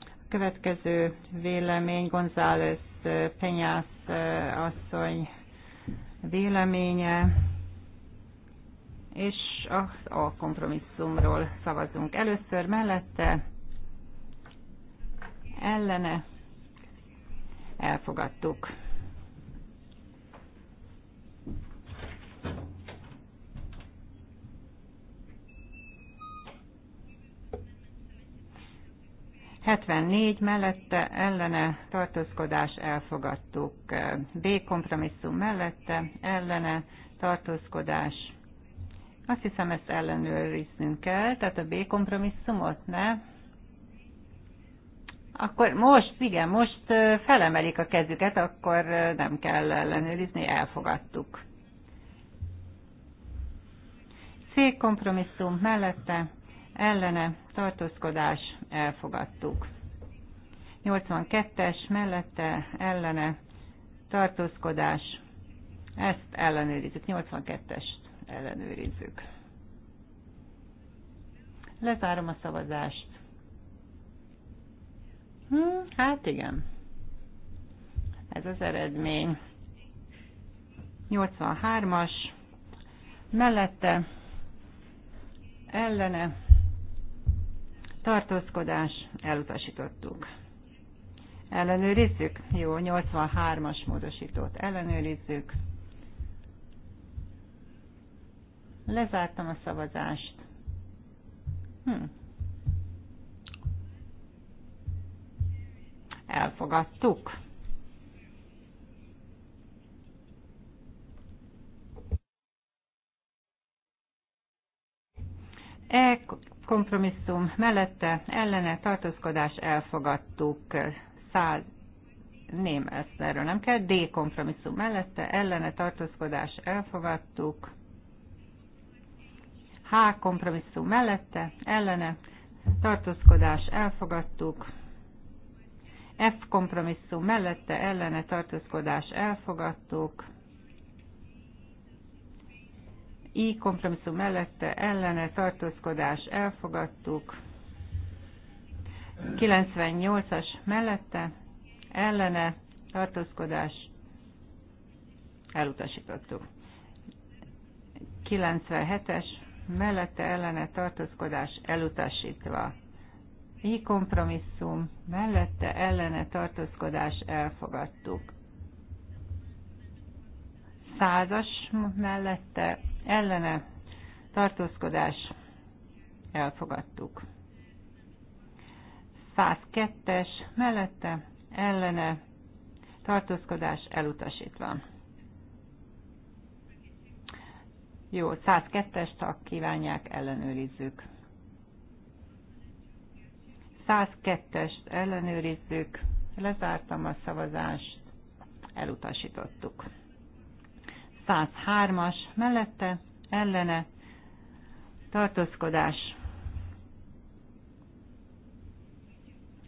A következő vélemény González Penyász asszony véleménye és az a kompromisszumról szavazunk. Először mellette ellene elfogadtuk. Hetvennégy mellette ellene tartózkodás elfogadtuk. B kompromisszum mellette ellene tartózkodás azt hiszem, ezt ellenőriznünk kell, tehát a B kompromisszumot, ne? Akkor most, igen, most felemelik a kezüket, akkor nem kell ellenőrizni, elfogadtuk. C kompromisszum mellette, ellene, tartózkodás, elfogadtuk. 82-es mellette, ellene, tartózkodás, ezt ellenőrizzük, 82-est ellenőrizzük. Lezárom a szavazást. Hm, hát igen. Ez az eredmény. 83-as. Mellette ellene tartózkodás elutasítottuk. Ellenőrizzük? Jó, 83-as módosítót ellenőrizzük. Lezártam a szavazást. Hm. Elfogadtuk. E kompromisszum mellette ellene tartózkodás elfogadtuk. Száz nem ezt erről nem kell. D kompromisszum mellette ellene tartózkodás elfogadtuk. H kompromisszum mellette, ellene, tartózkodás elfogadtuk. F kompromisszum mellette, ellene, tartózkodás elfogadtuk. I kompromisszum mellette, ellene, tartózkodás elfogadtuk. 98-as mellette, ellene, tartózkodás elutasítottuk. 97-es mellette ellene tartózkodás elutasítva. I kompromisszum, mellette ellene tartózkodás elfogadtuk. Százas mellette ellene tartózkodás elfogadtuk. 102-es mellette ellene tartózkodás elutasítva. Jó, 102-est, ha kívánják, ellenőrizzük. 102-est ellenőrizzük. Lezártam a szavazást, elutasítottuk. 103-as mellette, ellene, tartózkodás,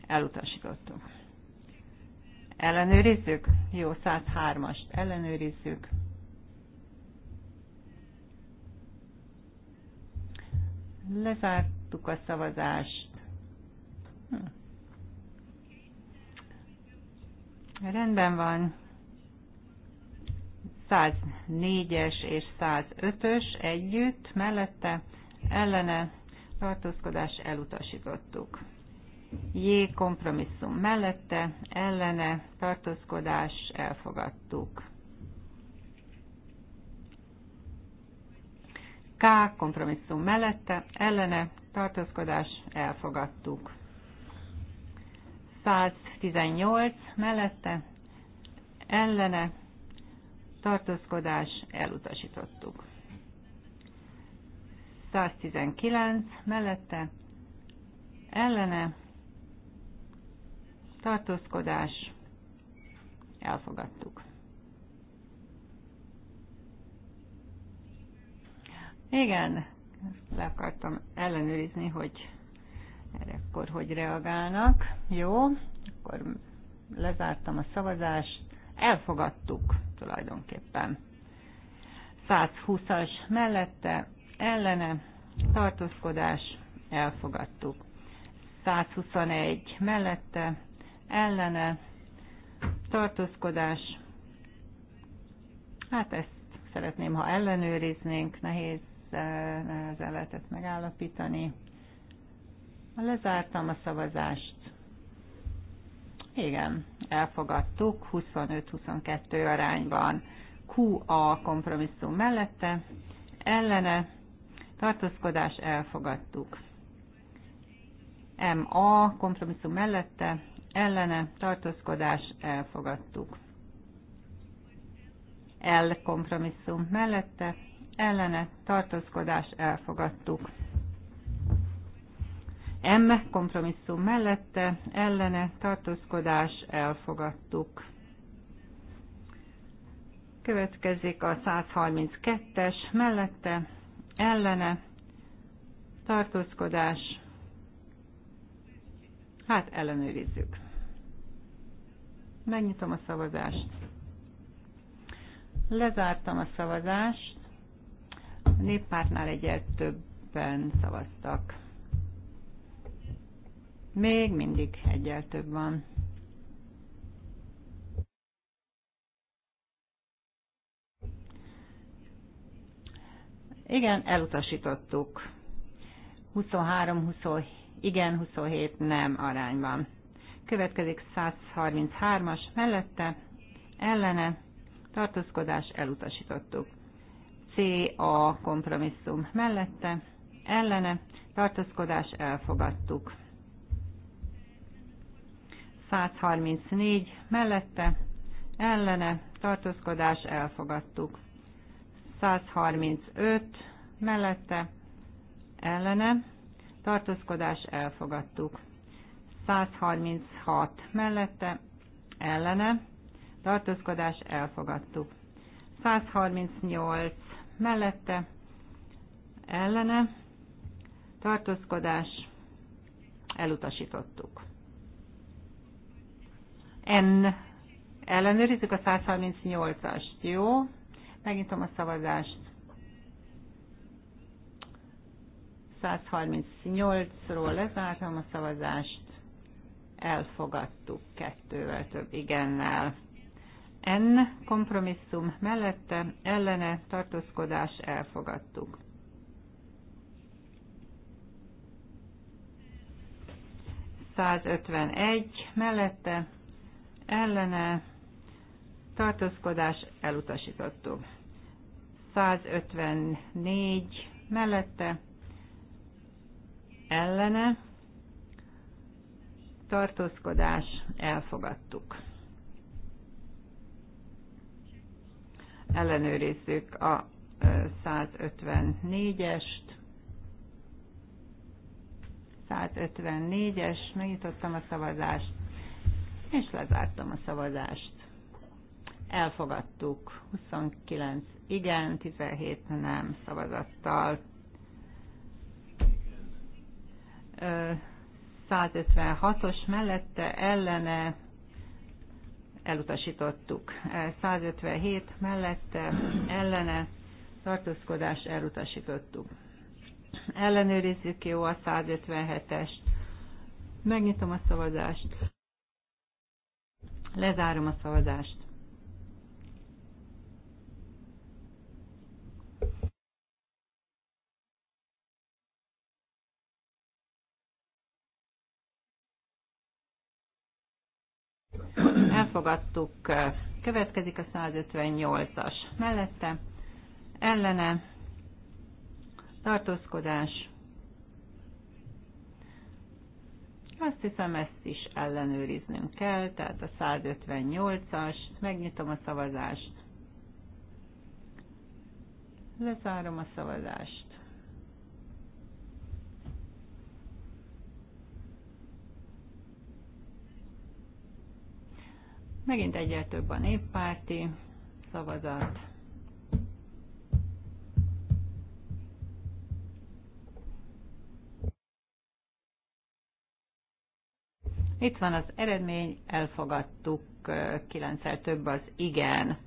elutasítottuk. Ellenőrizzük? Jó, 103-ast ellenőrizzük. Lezártuk a szavazást. Hm. Rendben van. 104-es és 105-ös együtt, mellette, ellene, tartózkodás elutasítottuk. J kompromisszum mellette, ellene, tartózkodás elfogadtuk. kompromisszum mellette, ellene tartózkodás elfogadtuk. 118 mellette, ellene tartózkodás elutasítottuk. 119 mellette, ellene tartózkodás elfogadtuk. Igen, le akartam ellenőrizni, hogy erre akkor hogy reagálnak. Jó, akkor lezártam a szavazást, elfogadtuk tulajdonképpen. 120-as mellette, ellene, tartózkodás, elfogadtuk. 121 mellette, ellene, tartózkodás, hát ezt szeretném, ha ellenőriznénk, nehéz nehezen lehetett megállapítani. Lezártam a szavazást. Igen, elfogadtuk 25-22 arányban. QA kompromisszum mellette, ellene, tartózkodás elfogadtuk. MA kompromisszum mellette, ellene, tartózkodás elfogadtuk. L kompromisszum mellette, ellene tartózkodás elfogadtuk. M kompromisszum mellette ellene tartózkodás elfogadtuk. Következik a 132-es mellette ellene tartózkodás. Hát ellenőrizzük. Megnyitom a szavazást. Lezártam a szavazást néppártnál egyet többen szavaztak. Még mindig egyel több van. Igen, elutasítottuk. 23-20, igen, 27 nem arányban. Következik 133-as mellette, ellene, tartózkodás elutasítottuk. CA kompromisszum mellette, ellene, tartózkodás elfogadtuk. 134 mellette, ellene, tartózkodás elfogadtuk. 135 mellette, ellene, tartózkodás elfogadtuk. 136 mellette, ellene, tartózkodás elfogadtuk. 138 mellette, ellene, tartózkodás, elutasítottuk. N ellenőrizzük a 138-ast, jó? Megintom a szavazást. 138-ról lezártam a szavazást, elfogadtuk kettővel több igennel. N kompromisszum mellette ellene tartózkodás elfogadtuk. egy mellette ellene tartózkodás elutasítottuk. 154 mellette ellene tartózkodás elfogadtuk. ellenőrizzük a 154-est. 154-es, megnyitottam a szavazást, és lezártam a szavazást. Elfogadtuk 29 igen, 17 nem szavazattal. 156-os mellette ellene elutasítottuk. 157 mellette ellene tartózkodás elutasítottuk. Ellenőrizzük jó a 157-est. Megnyitom a szavazást. Lezárom a szavazást elfogadtuk. Következik a 158-as. Mellette ellene tartózkodás. Azt hiszem, ezt is ellenőriznünk kell, tehát a 158-as, megnyitom a szavazást, lezárom a szavazást. Megint egyel több a néppárti szavazat. Itt van az eredmény, elfogadtuk 9 több az igen.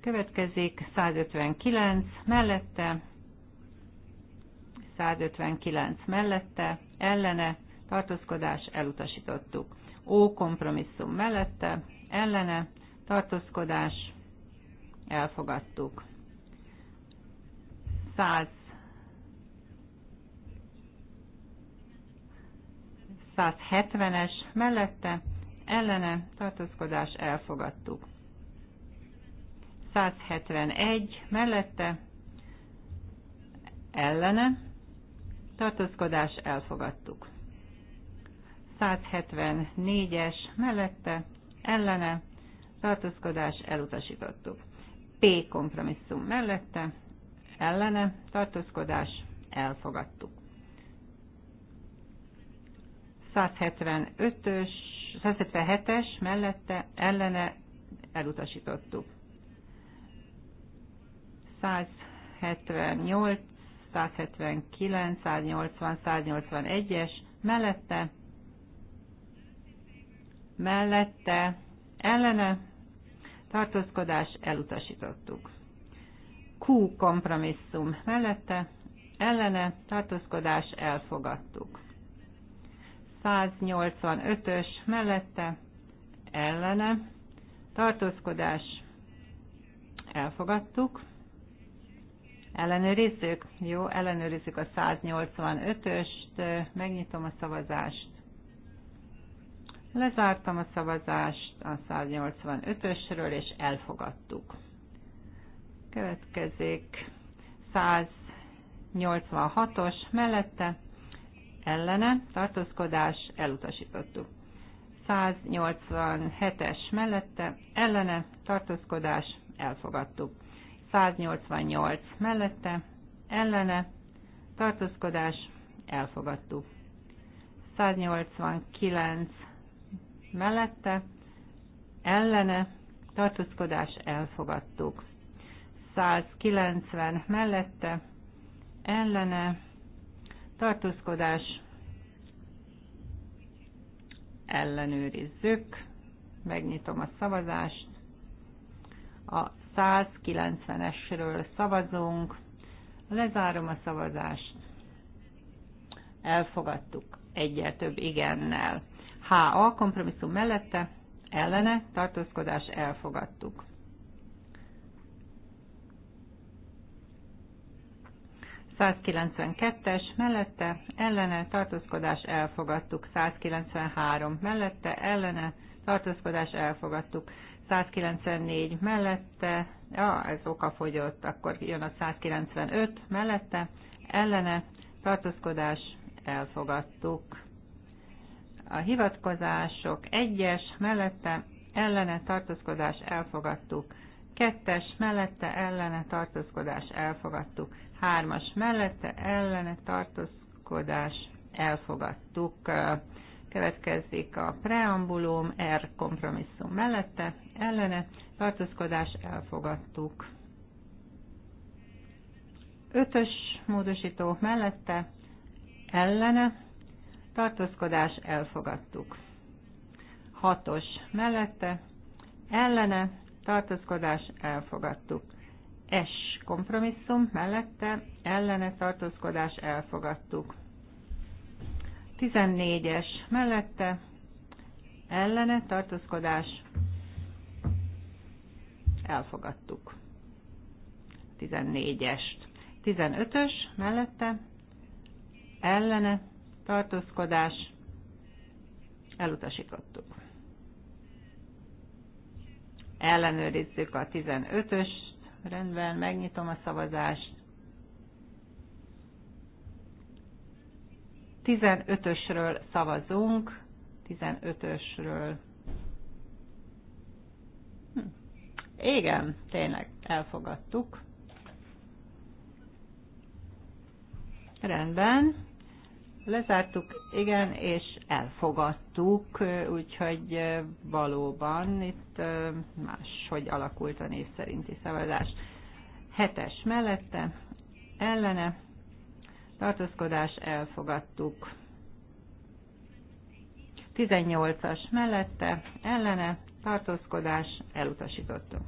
Következik 159 mellette, 159 mellette, ellene, tartózkodás, elutasítottuk ó kompromisszum mellette, ellene, tartózkodás, elfogadtuk. 100 170-es mellette, ellene, tartózkodás, elfogadtuk. 171 mellette, ellene, tartózkodás, elfogadtuk. 174-es mellette ellene tartózkodás elutasítottuk. P kompromisszum mellette ellene tartózkodás elfogadtuk. 175-ös, 177-es mellette ellene elutasítottuk. 178, 179, 180, 181-es mellette mellette, ellene, tartózkodás elutasítottuk. Q kompromisszum mellette, ellene, tartózkodás elfogadtuk. 185-ös mellette, ellene, tartózkodás elfogadtuk. Ellenőrizzük? Jó, ellenőrizzük a 185-öst, megnyitom a szavazást. Lezártam a szavazást a 185-ösről, és elfogadtuk. Következik 186-os mellette, ellene, tartózkodás, elutasítottuk. 187-es mellette, ellene, tartózkodás, elfogadtuk. 188 mellette, ellene, tartózkodás, elfogadtuk. 189 mellette, ellene, tartózkodás elfogadtuk. 190 mellette, ellene, tartózkodás ellenőrizzük. Megnyitom a szavazást. A 190-esről szavazunk. Lezárom a szavazást. Elfogadtuk egyel több igennel. HA kompromisszum mellette ellene tartózkodás elfogadtuk. es mellette ellene tartózkodás elfogadtuk, 193 mellette ellene tartózkodás elfogadtuk, 194 mellette, ja, ez fogyott, akkor jön a 195 mellette, ellene tartózkodás elfogadtuk a hivatkozások egyes mellette ellene tartózkodás elfogadtuk, kettes mellette ellene tartózkodás elfogadtuk, hármas mellette ellene tartózkodás elfogadtuk. Következik a preambulum, R kompromisszum mellette, ellene, tartózkodás elfogadtuk. Ötös módosító mellette, ellene, tartózkodás elfogadtuk. Hatos mellette, ellene, tartózkodás elfogadtuk. S kompromisszum mellette, ellene, tartózkodás elfogadtuk. 14-es mellette, ellene, tartózkodás elfogadtuk. 14-est. 15-ös mellette, ellene, tartózkodás, elutasítottuk. Ellenőrizzük a 15-öst, rendben, megnyitom a szavazást. 15-ösről szavazunk, 15-ösről. Hm. Igen, tényleg elfogadtuk. Rendben lezártuk, igen, és elfogadtuk, úgyhogy valóban itt máshogy alakult a név szerinti szavazás. Hetes mellette, ellene, tartózkodás, elfogadtuk. 18-as mellette, ellene, tartózkodás, elutasítottuk.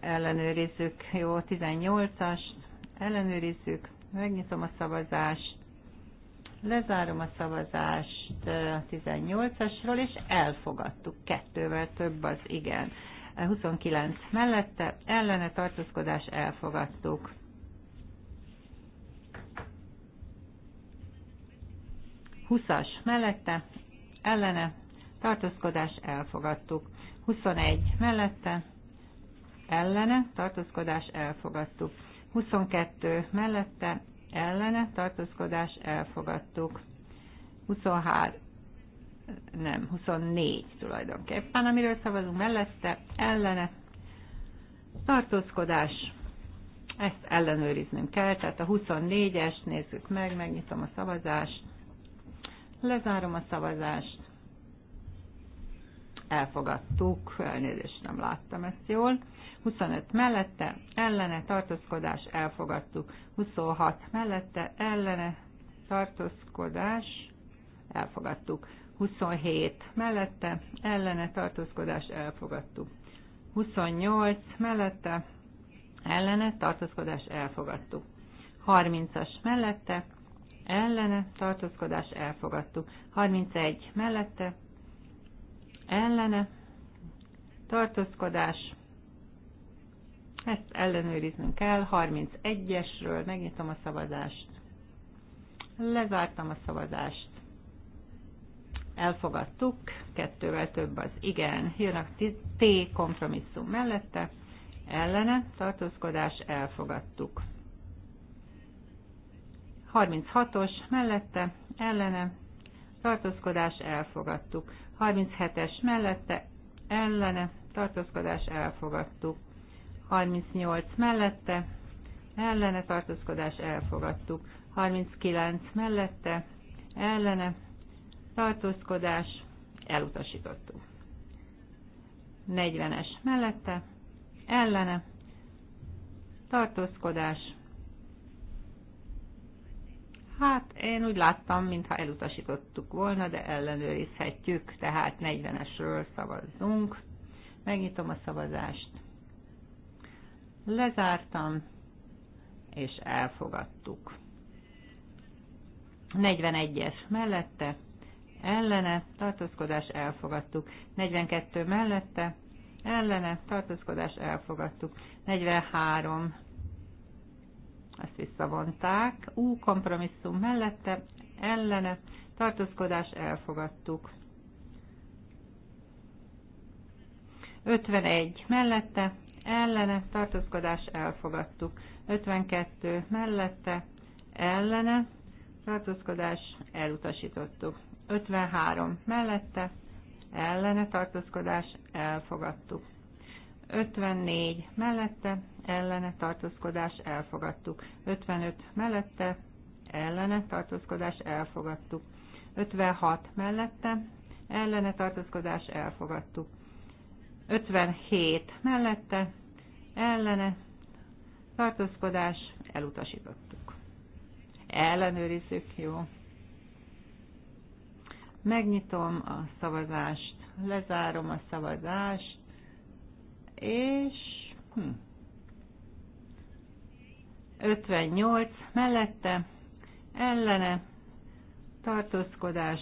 Ellenőrizzük, jó, 18-as, ellenőrizzük, megnyitom a szavazást, Lezárom a szavazást a 18-asról, és elfogadtuk. Kettővel több az igen. 29 mellette, ellene tartózkodás elfogadtuk. Huszas mellette, ellene, tartózkodás elfogadtuk. 21 mellette, ellene, tartózkodás elfogadtuk. 22 mellette, ellene tartózkodás elfogadtuk. 23, nem, 24 tulajdonképpen, amiről szavazunk mellette, ellene tartózkodás, ezt ellenőriznünk kell, tehát a 24-es, nézzük meg, megnyitom a szavazást, lezárom a szavazást, elfogadtuk, elnézést nem láttam ezt jól. 25 mellette, ellene, tartózkodás, elfogadtuk. 26 mellette, ellene, tartózkodás, elfogadtuk. 27 mellette, ellene, tartózkodás, elfogadtuk. 28 mellette, ellene, tartózkodás, elfogadtuk. 30-as mellette, ellene, tartózkodás, elfogadtuk. 31 mellette, ellene, tartózkodás, ezt ellenőriznünk kell, 31-esről megnyitom a szavazást, lezártam a szavazást, elfogadtuk, kettővel több az igen, jön a T kompromisszum mellette, ellene, tartózkodás, elfogadtuk. 36-os mellette, ellene, tartózkodás elfogadtuk. 37-es mellette ellene tartózkodás elfogadtuk. 38 mellette ellene tartózkodás elfogadtuk. 39 mellette ellene tartózkodás elutasítottuk. 40-es mellette ellene tartózkodás Hát én úgy láttam, mintha elutasítottuk volna, de ellenőrizhetjük, tehát 40-esről szavazzunk. Megnyitom a szavazást. Lezártam, és elfogadtuk. 41-es mellette, ellene, tartózkodás elfogadtuk. 42 mellette, ellene, tartózkodás elfogadtuk. 43 ezt visszavonták. Ú kompromisszum mellette, ellene, tartózkodás elfogadtuk. 51 mellette, ellene, tartózkodás elfogadtuk. 52 mellette, ellene, tartózkodás elutasítottuk. 53 mellette, ellene tartózkodás elfogadtuk. 54 mellette, ellene tartózkodás elfogadtuk. 55 mellette, ellene tartózkodás elfogadtuk. 56 mellette, ellene tartózkodás elfogadtuk. 57 mellette, ellene tartózkodás elutasítottuk. Ellenőrizzük, jó. Megnyitom a szavazást, lezárom a szavazást, és hm, 58 mellette ellene tartózkodás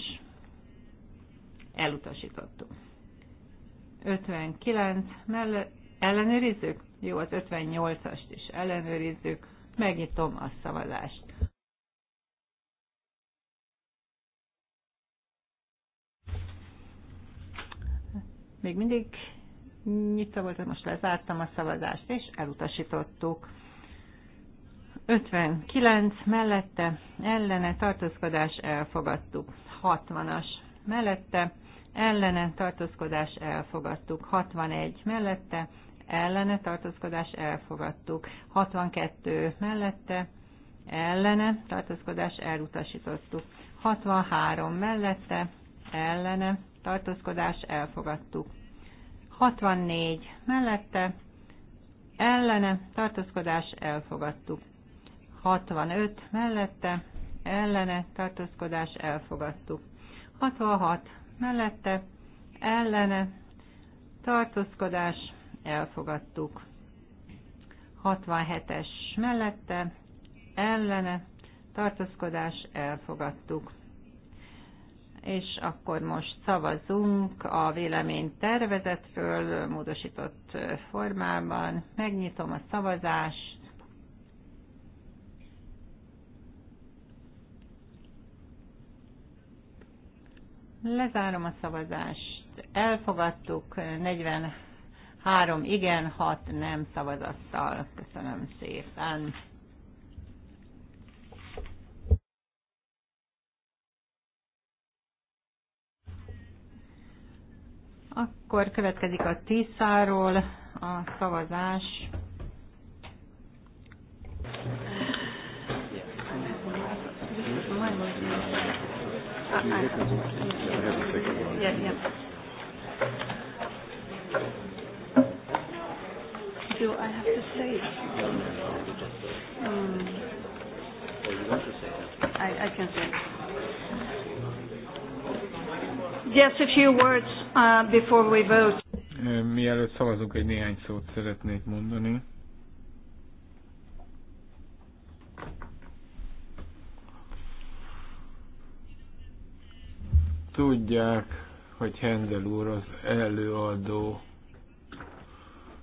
elutasítottuk. 59 mellett ellenőrizzük? Jó, az 58-ast is ellenőrizzük. Megnyitom a szavazást. Még mindig nyitva volt, most lezártam a szavazást, és elutasítottuk. 59 mellette, ellene tartózkodás elfogadtuk. 60-as mellette, ellene tartózkodás elfogadtuk. 61 mellette, ellene tartózkodás elfogadtuk. 62 mellette, ellene tartózkodás elutasítottuk. 63 mellette, ellene tartózkodás elfogadtuk. 64 mellette, ellene, tartózkodás elfogadtuk. 65 mellette, ellene, tartózkodás elfogadtuk. 66 mellette, ellene, tartózkodás elfogadtuk. 67-es mellette, ellene, tartózkodás elfogadtuk és akkor most szavazunk a vélemény tervezetről módosított formában. Megnyitom a szavazást. Lezárom a szavazást. Elfogadtuk 43 igen, 6 nem szavazattal. Köszönöm szépen. Akkor következik a Tiszáról a szavazás. do I have to say it? Mm. Oh, well, you want to say that? I, I can say it. Just a few words uh, before we vote. Mielőtt szavazunk, egy néhány szót szeretnék mondani. Tudják, hogy Hendel úr az előadó.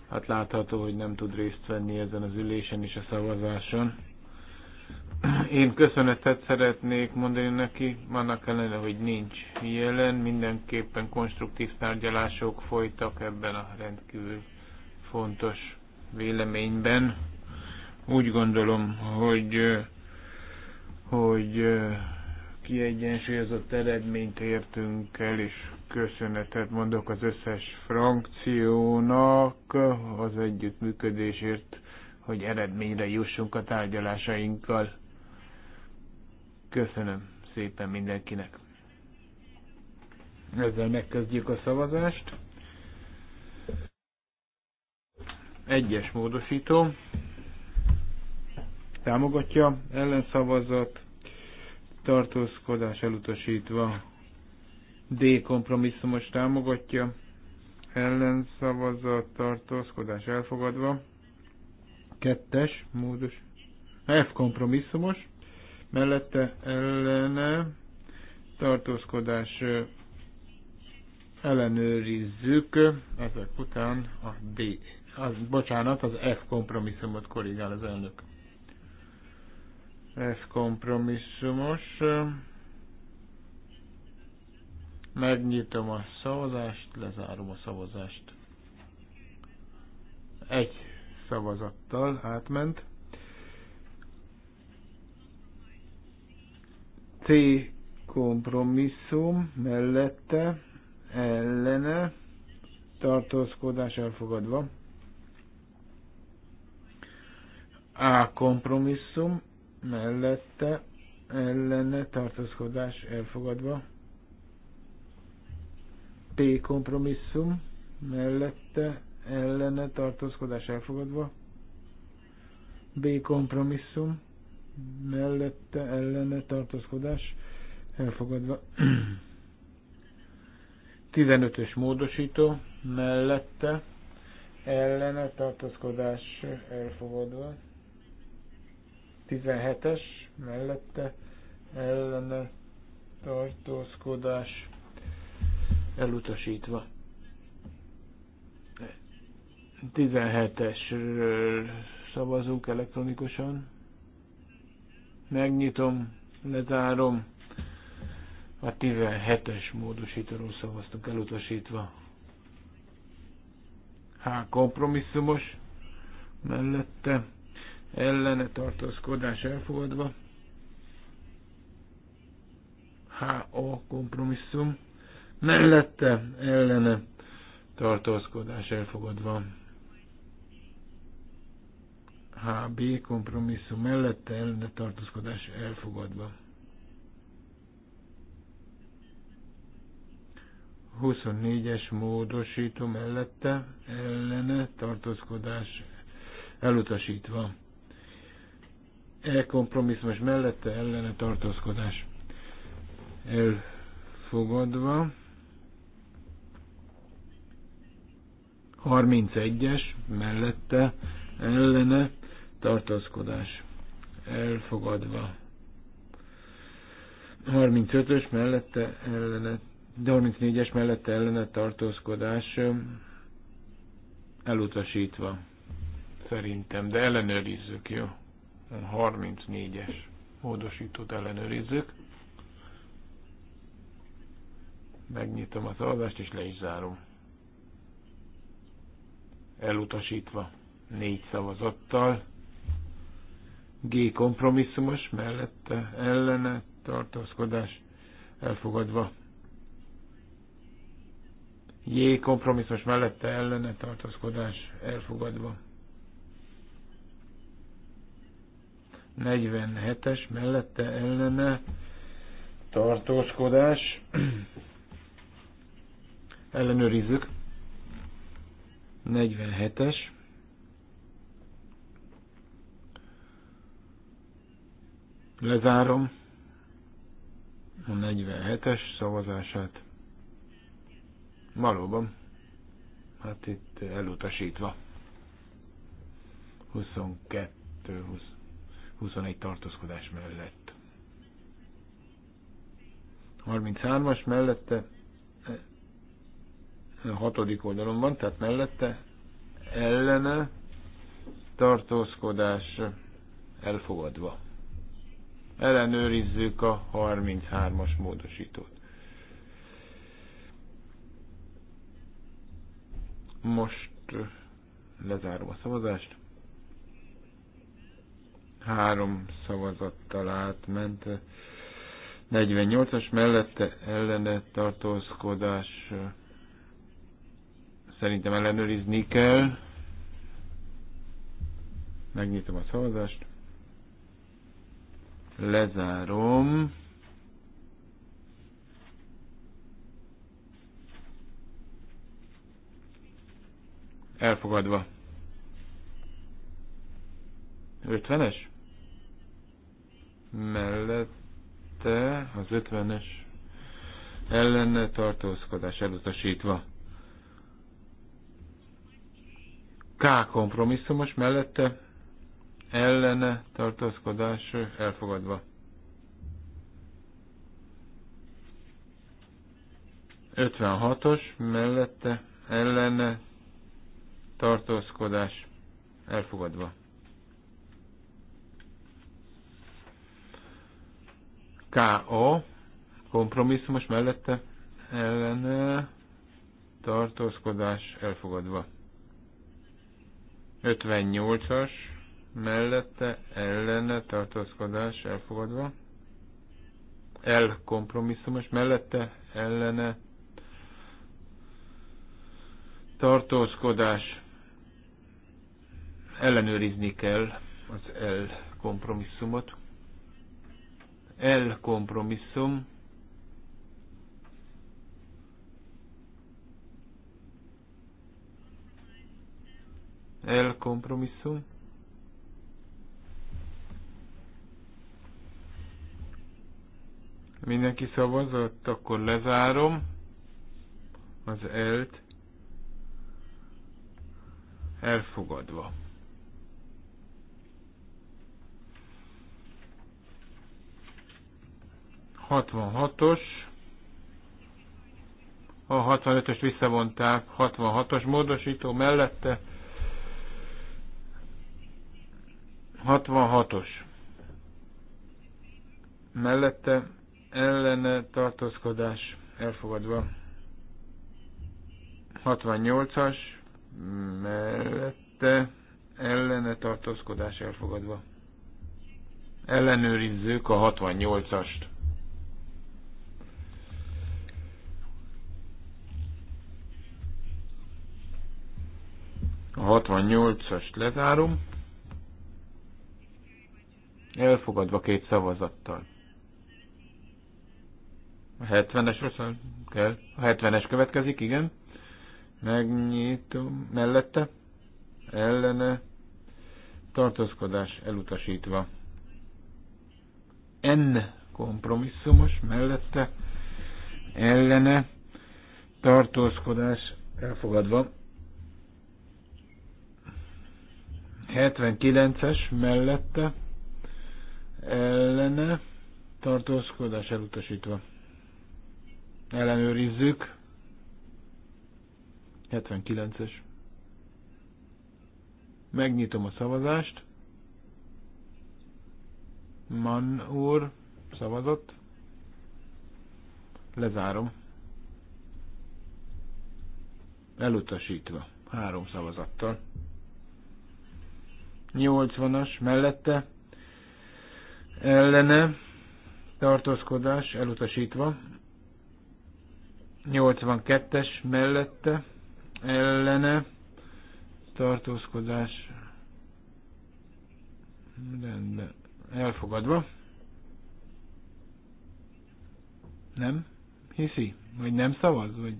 Hát látható, hogy nem tud részt venni ezen az ülésen és a szavazáson én köszönetet szeretnék mondani neki, annak ellenére, hogy nincs jelen, mindenképpen konstruktív tárgyalások folytak ebben a rendkívül fontos véleményben. Úgy gondolom, hogy, hogy kiegyensúlyozott eredményt értünk el, és köszönetet mondok az összes frakciónak az együttműködésért, hogy eredményre jussunk a tárgyalásainkkal Köszönöm szépen mindenkinek. Ezzel megkezdjük a szavazást. Egyes módosító. Támogatja ellenszavazat, tartózkodás elutasítva. D kompromisszumos támogatja, ellenszavazat, tartózkodás elfogadva. Kettes módos. F kompromisszumos mellette ellene tartózkodás ellenőrizzük, ezek után a D, az, bocsánat, az F kompromisszumot korrigál az elnök. F kompromisszumos. Megnyitom a szavazást, lezárom a szavazást. Egy szavazattal átment. C kompromisszum mellette ellene tartózkodás elfogadva. A kompromisszum mellette ellene tartózkodás elfogadva. P kompromisszum mellette ellene tartózkodás elfogadva. B kompromisszum mellette ellene tartózkodás elfogadva. 15-ös módosító mellette ellene tartózkodás elfogadva. 17-es mellette ellene tartózkodás elutasítva. 17-esről szavazunk elektronikusan megnyitom, lezárom. A 17-es módosítóról szavaztunk elutasítva. H kompromisszumos mellette ellene tartózkodás elfogadva. HA kompromisszum mellette ellene tartózkodás elfogadva. HB kompromisszum mellette ellene tartózkodás elfogadva. 24-es módosító mellette ellene tartózkodás elutasítva. E kompromisszumos mellette ellene tartózkodás elfogadva. 31-es mellette ellene tartózkodás elfogadva. 35-ös mellette ellene, de 34-es mellette ellene tartózkodás elutasítva. Szerintem, de ellenőrizzük, jó? 34-es módosítót ellenőrizzük. Megnyitom a szavazást, és le is zárom. Elutasítva négy szavazattal. G kompromisszumos, mellette ellene tartózkodás elfogadva. J kompromisszumos mellette ellene tartózkodás elfogadva. 47-es mellette ellene tartózkodás ellenőrizzük. 47-es Lezárom a 47-es szavazását. Valóban. Hát itt elutasítva. 22 20, 21 tartózkodás mellett. 33-as mellette e, a hatodik oldalon van, tehát mellette ellene tartózkodás elfogadva ellenőrizzük a 33-as módosítót. Most lezárom a szavazást. Három szavazattal átment. 48-as mellette ellene tartózkodás szerintem ellenőrizni kell. Megnyitom a szavazást. Lezárom. Elfogadva. 50-es? Mellette az 50-es ellene tartózkodás elutasítva. K kompromisszumos mellette ellene tartózkodás elfogadva. 56-os mellette ellene tartózkodás elfogadva. K.O. kompromisszumos mellette ellene tartózkodás elfogadva. 58-as mellette ellene tartózkodás elfogadva, el mellette ellene tartózkodás ellenőrizni kell az el Elkompromisszum El El Mindenki szavazott, akkor lezárom az elt elfogadva. Hatvanhatos. A 65-öst visszavonták, 66-os módosító mellette. 66-os mellette ellene tartózkodás elfogadva. 68-as mellette ellene tartózkodás elfogadva. Ellenőrizzük a 68-ast. A 68-ast lezárom. Elfogadva két szavazattal. 70-esről kell. A 70-es következik, igen. Megnyitom. Mellette. Ellene. Tartózkodás elutasítva. N kompromisszumos. Mellette. Ellene. Tartózkodás elfogadva. 79-es mellette ellene tartózkodás elutasítva ellenőrizzük. 79-es. Megnyitom a szavazást. Man úr szavazott. Lezárom. Elutasítva. Három szavazattal. 80-as mellette ellene tartózkodás elutasítva. 82-es mellette ellene tartózkodás rendben elfogadva. Nem? Hiszi? Vagy nem szavaz? Vagy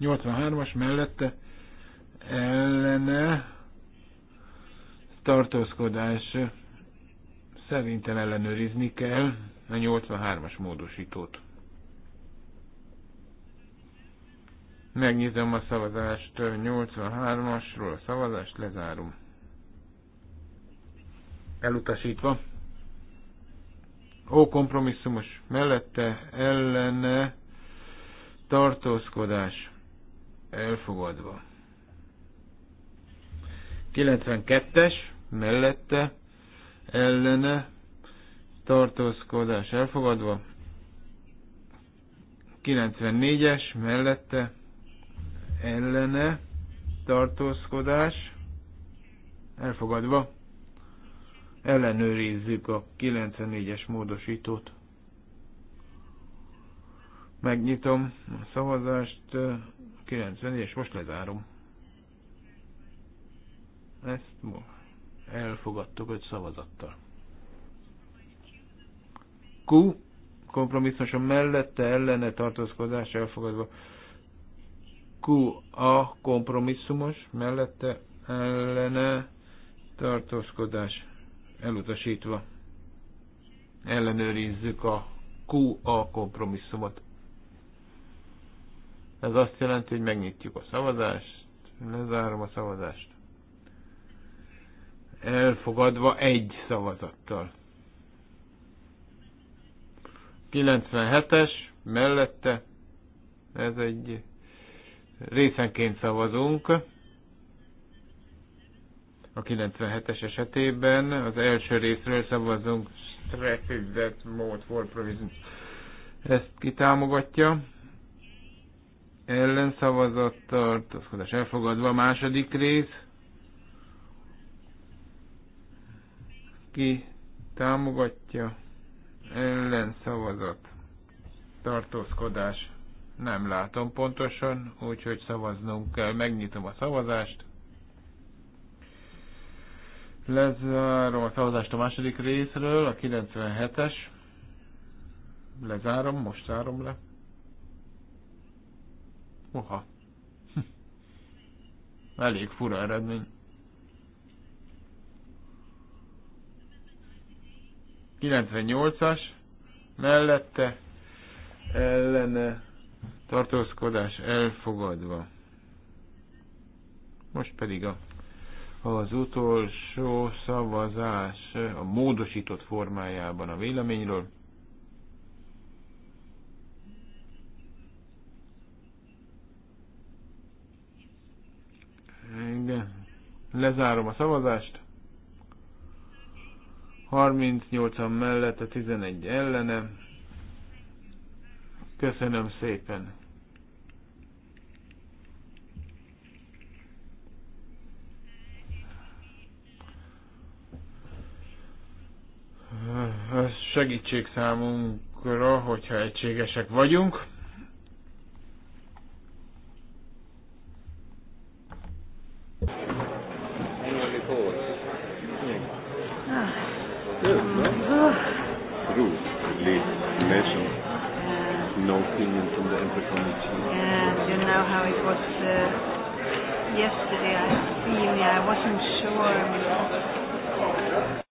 83-as mellette ellene tartózkodás szerintem ellenőrizni kell a 83-as módosítót. Megnyitom a szavazást, 83-asról a szavazást lezárom. Elutasítva. Ó kompromisszumos mellette ellene tartózkodás elfogadva. 92-es mellette ellene tartózkodás elfogadva. 94-es mellette ellene tartózkodás elfogadva. Ellenőrizzük a 94-es módosítót. Megnyitom a szavazást, 90 és most lezárom. Ezt elfogadtuk egy szavazattal. Q kompromisszumosan mellette ellene tartózkodás elfogadva. Q a kompromisszumos mellette ellene tartózkodás elutasítva. Ellenőrizzük a Q a kompromisszumot. Ez azt jelenti, hogy megnyitjuk a szavazást, lezárom a szavazást. Elfogadva egy szavazattal. 97-es mellette, ez egy részenként szavazunk. A 97-es esetében az első részről szavazunk Stressed that mode for provision. Ezt kitámogatja. Ellenszavazat tartózkodás elfogadva a második rész. Ki támogatja ellenszavazat, tartózkodás, nem látom pontosan, úgyhogy szavaznunk kell, megnyitom a szavazást. Lezárom a szavazást a második részről, a 97-es. Lezárom, most zárom le. Oha. Hm. Elég fura eredmény. 98-as mellette ellene tartózkodás elfogadva. Most pedig a, az utolsó szavazás a módosított formájában a véleményről. Igen. Lezárom a szavazást. 38-an a 11 ellene. Köszönöm szépen! Ez segítség számunkra, hogyha egységesek vagyunk. know how it was uh, yesterday. I see me. I wasn't sure.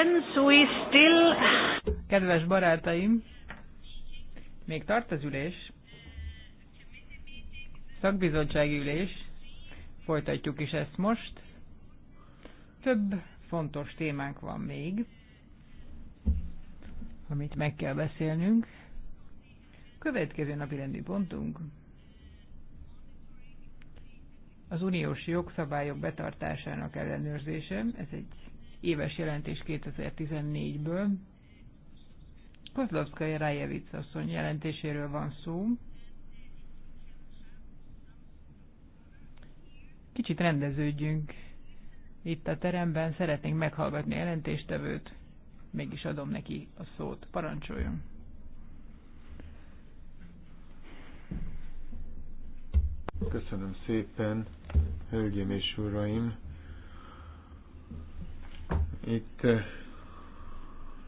friends, we still... Kedves barátaim, még tart az ülés, szakbizottsági ülés, folytatjuk is ezt most. Több fontos témánk van még, amit meg kell beszélnünk. Következő napi rendi pontunk az uniós jogszabályok betartásának ellenőrzése. Ez egy éves jelentés 2014-ből. Kozlovszkai Rájevic asszony jelentéséről van szó. Kicsit rendeződjünk itt a teremben, szeretnénk meghallgatni a jelentéstevőt, mégis adom neki a szót. Parancsoljon! Köszönöm szépen, hölgyeim és uraim! Itt eh,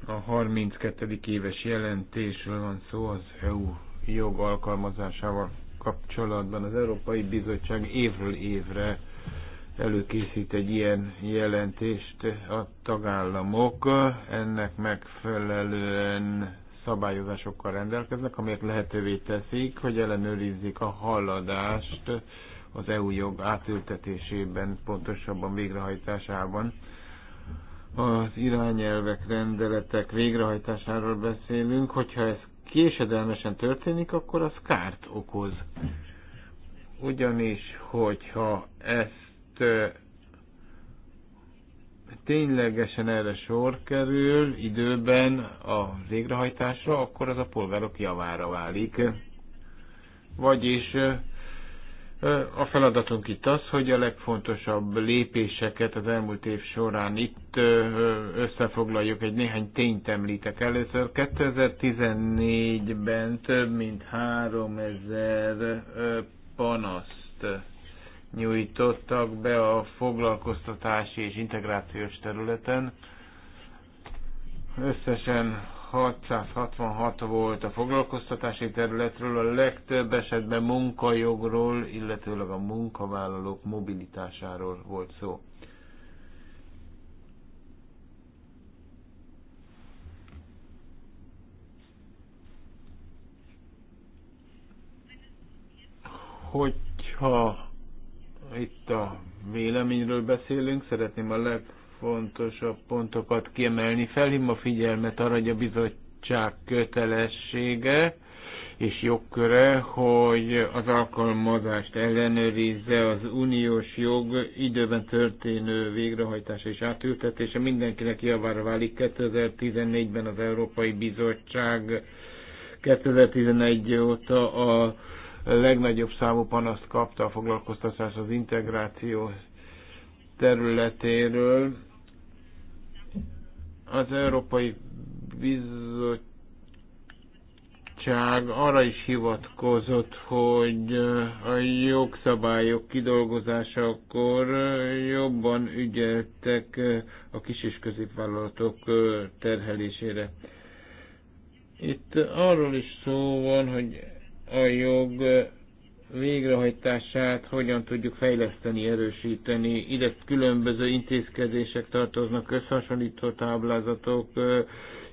a 32. éves jelentésről van szó az EU jog alkalmazásával kapcsolatban. Az Európai Bizottság évről évre előkészít egy ilyen jelentést a tagállamok. Eh, ennek megfelelően szabályozásokkal rendelkeznek, amelyek lehetővé teszik, hogy ellenőrizzék a haladást az EU jog átültetésében, pontosabban végrehajtásában az irányelvek, rendeletek végrehajtásáról beszélünk, hogyha ez késedelmesen történik, akkor az kárt okoz. Ugyanis, hogyha ezt ténylegesen erre sor kerül időben a végrehajtásra, akkor az a polgárok javára válik. Vagyis a feladatunk itt az, hogy a legfontosabb lépéseket az elmúlt év során itt összefoglaljuk, egy néhány tényt említek. Először 2014-ben több mint 3000 panaszt nyújtottak be a foglalkoztatási és integrációs területen. Összesen 666 volt a foglalkoztatási területről, a legtöbb esetben munkajogról, illetőleg a munkavállalók mobilitásáról volt szó. Hogyha itt a véleményről beszélünk, szeretném a leg legfontosabb pontokat kiemelni. Felhívom a figyelmet arra, hogy a bizottság kötelessége és jogköre, hogy az alkalmazást ellenőrizze az uniós jog időben történő végrehajtása és átültetése. Mindenkinek javára válik 2014-ben az Európai Bizottság 2011 óta a legnagyobb számú panaszt kapta a foglalkoztatás az integráció területéről, az Európai Bizottság arra is hivatkozott, hogy a jogszabályok kidolgozásakor jobban ügyeltek a kis- és középvállalatok terhelésére. Itt arról is szó van, hogy a jog végrehajtását hogyan tudjuk fejleszteni, erősíteni. Ide különböző intézkedések tartoznak, összehasonlító táblázatok,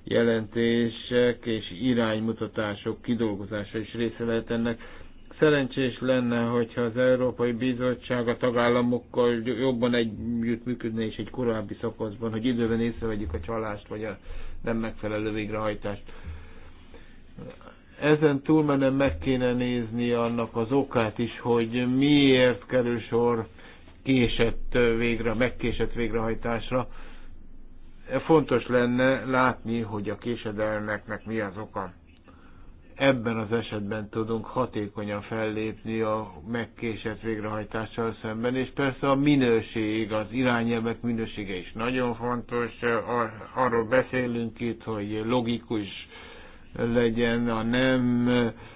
jelentések és iránymutatások kidolgozása is része lehet ennek. Szerencsés lenne, hogyha az Európai Bizottság a tagállamokkal jobban együtt működne, és egy korábbi szakaszban, hogy időben észrevegyük a csalást, vagy a nem megfelelő végrehajtást ezen túlmenően meg kéne nézni annak az okát is, hogy miért kerül sor késett végre, megkésett végrehajtásra. Fontos lenne látni, hogy a késedelmeknek mi az oka. Ebben az esetben tudunk hatékonyan fellépni a megkésett végrehajtással szemben, és persze a minőség, az irányelvek minősége is nagyon fontos. Arról beszélünk itt, hogy logikus, legyen, a nem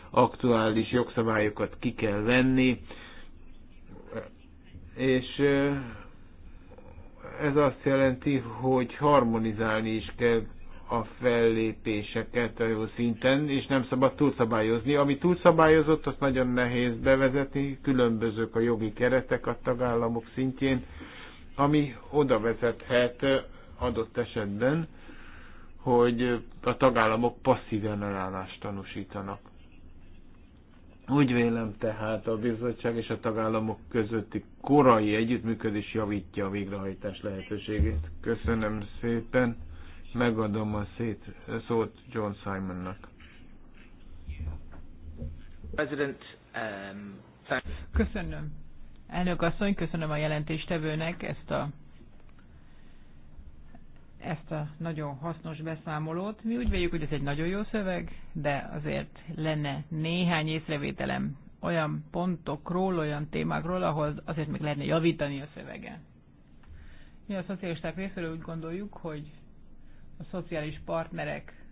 aktuális jogszabályokat ki kell venni, és eh, ez azt jelenti, hogy harmonizálni is kell a fellépéseket a jó szinten, és nem szabad túlszabályozni. Ami túlszabályozott, azt nagyon nehéz bevezetni, különbözők a jogi keretek a tagállamok szintjén, ami oda vezethet eh, adott esetben, hogy a tagállamok passzív ellenállást tanúsítanak. Úgy vélem tehát a bizottság és a tagállamok közötti korai együttműködés javítja a végrehajtás lehetőségét. Köszönöm szépen, megadom a szét, szót John Simonnak. President, um, Köszönöm. Elnök asszony, köszönöm a jelentéstevőnek ezt a ezt a nagyon hasznos beszámolót. Mi úgy véljük, hogy ez egy nagyon jó szöveg, de azért lenne néhány észrevételem olyan pontokról, olyan témákról, ahol azért még lehetne javítani a szövegen. Mi a szocialisták részéről úgy gondoljuk, hogy a szociális partnerek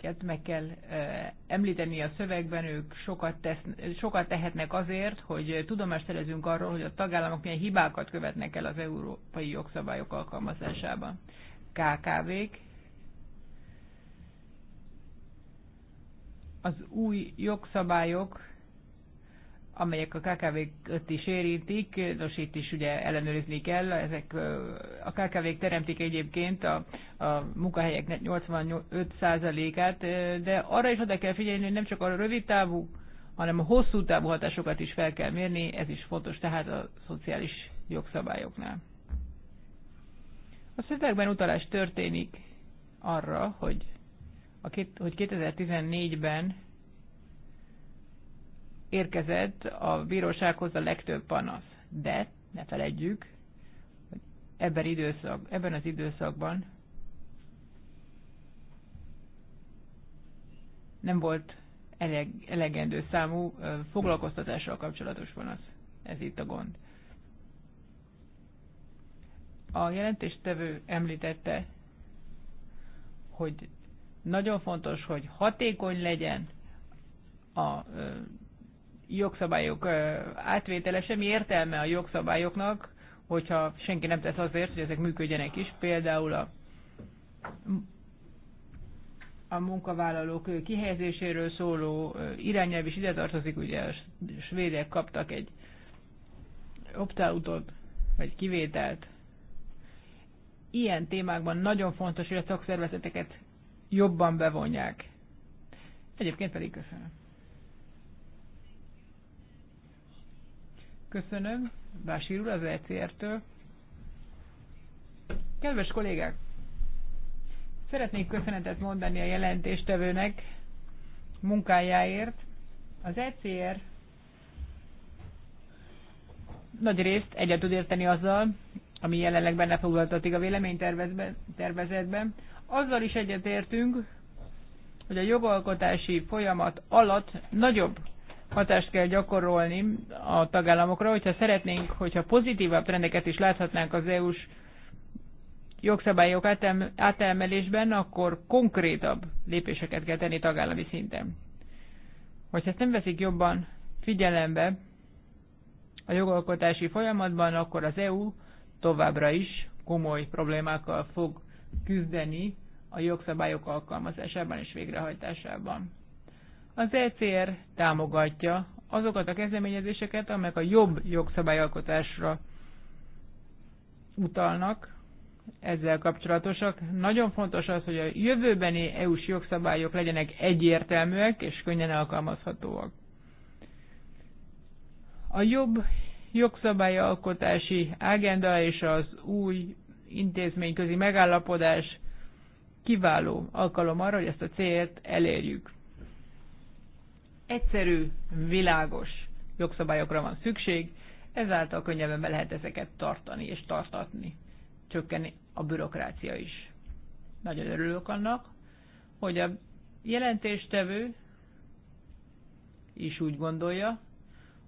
akiket meg kell említeni a szövegben, ők sokat, tesz, sokat tehetnek azért, hogy tudomást szerezünk arról, hogy a tagállamok milyen hibákat követnek el az európai jogszabályok alkalmazásában. KKV-k, az új jogszabályok amelyek a KKV-t is érintik, nos itt is ugye ellenőrizni kell, ezek a KKV-k teremtik egyébként a, a munkahelyeknek 85%-át, de arra is oda kell figyelni, hogy nem csak a rövid távú, hanem a hosszú távú hatásokat is fel kell mérni, ez is fontos tehát a szociális jogszabályoknál. A szövegben utalás történik arra, hogy, a két, hogy 2014-ben érkezett a bírósághoz a legtöbb panasz. De ne feledjük, hogy ebben, időszak, ebben az időszakban nem volt eleg, elegendő számú foglalkoztatással kapcsolatos panasz. Ez itt a gond. A jelentéstevő említette, hogy nagyon fontos, hogy hatékony legyen a jogszabályok átvétele, semmi értelme a jogszabályoknak, hogyha senki nem tesz azért, hogy ezek működjenek is. Például a, a munkavállalók kihelyezéséről szóló irányelv is ide tartozik, ugye a svédek kaptak egy opt-outot, vagy kivételt. Ilyen témákban nagyon fontos, hogy a szakszervezeteket jobban bevonják. Egyébként pedig köszönöm. Köszönöm. Básír úr az ECR-től. Kedves kollégák! Szeretnék köszönetet mondani a jelentéstevőnek munkájáért. Az ECR nagy részt egyet tud érteni azzal, ami jelenleg benne foglaltatik a véleménytervezetben. Azzal is egyetértünk, hogy a jogalkotási folyamat alatt nagyobb hatást kell gyakorolni a tagállamokra, hogyha szeretnénk, hogyha pozitívabb trendeket is láthatnánk az EU-s jogszabályok átelmelésben, akkor konkrétabb lépéseket kell tenni tagállami szinten. Hogyha ezt nem veszik jobban figyelembe a jogalkotási folyamatban, akkor az EU továbbra is komoly problémákkal fog küzdeni a jogszabályok alkalmazásában és végrehajtásában. Az ECR támogatja azokat a kezdeményezéseket, amelyek a jobb jogszabályalkotásra utalnak, ezzel kapcsolatosak. Nagyon fontos az, hogy a jövőbeni EU-s jogszabályok legyenek egyértelműek és könnyen alkalmazhatóak. A jobb jogszabályalkotási ágenda és az új intézményközi megállapodás kiváló alkalom arra, hogy ezt a célt elérjük. Egyszerű, világos jogszabályokra van szükség, ezáltal könnyebben be lehet ezeket tartani és tartatni. Csökkenni a bürokrácia is. Nagyon örülök annak, hogy a jelentéstevő is úgy gondolja,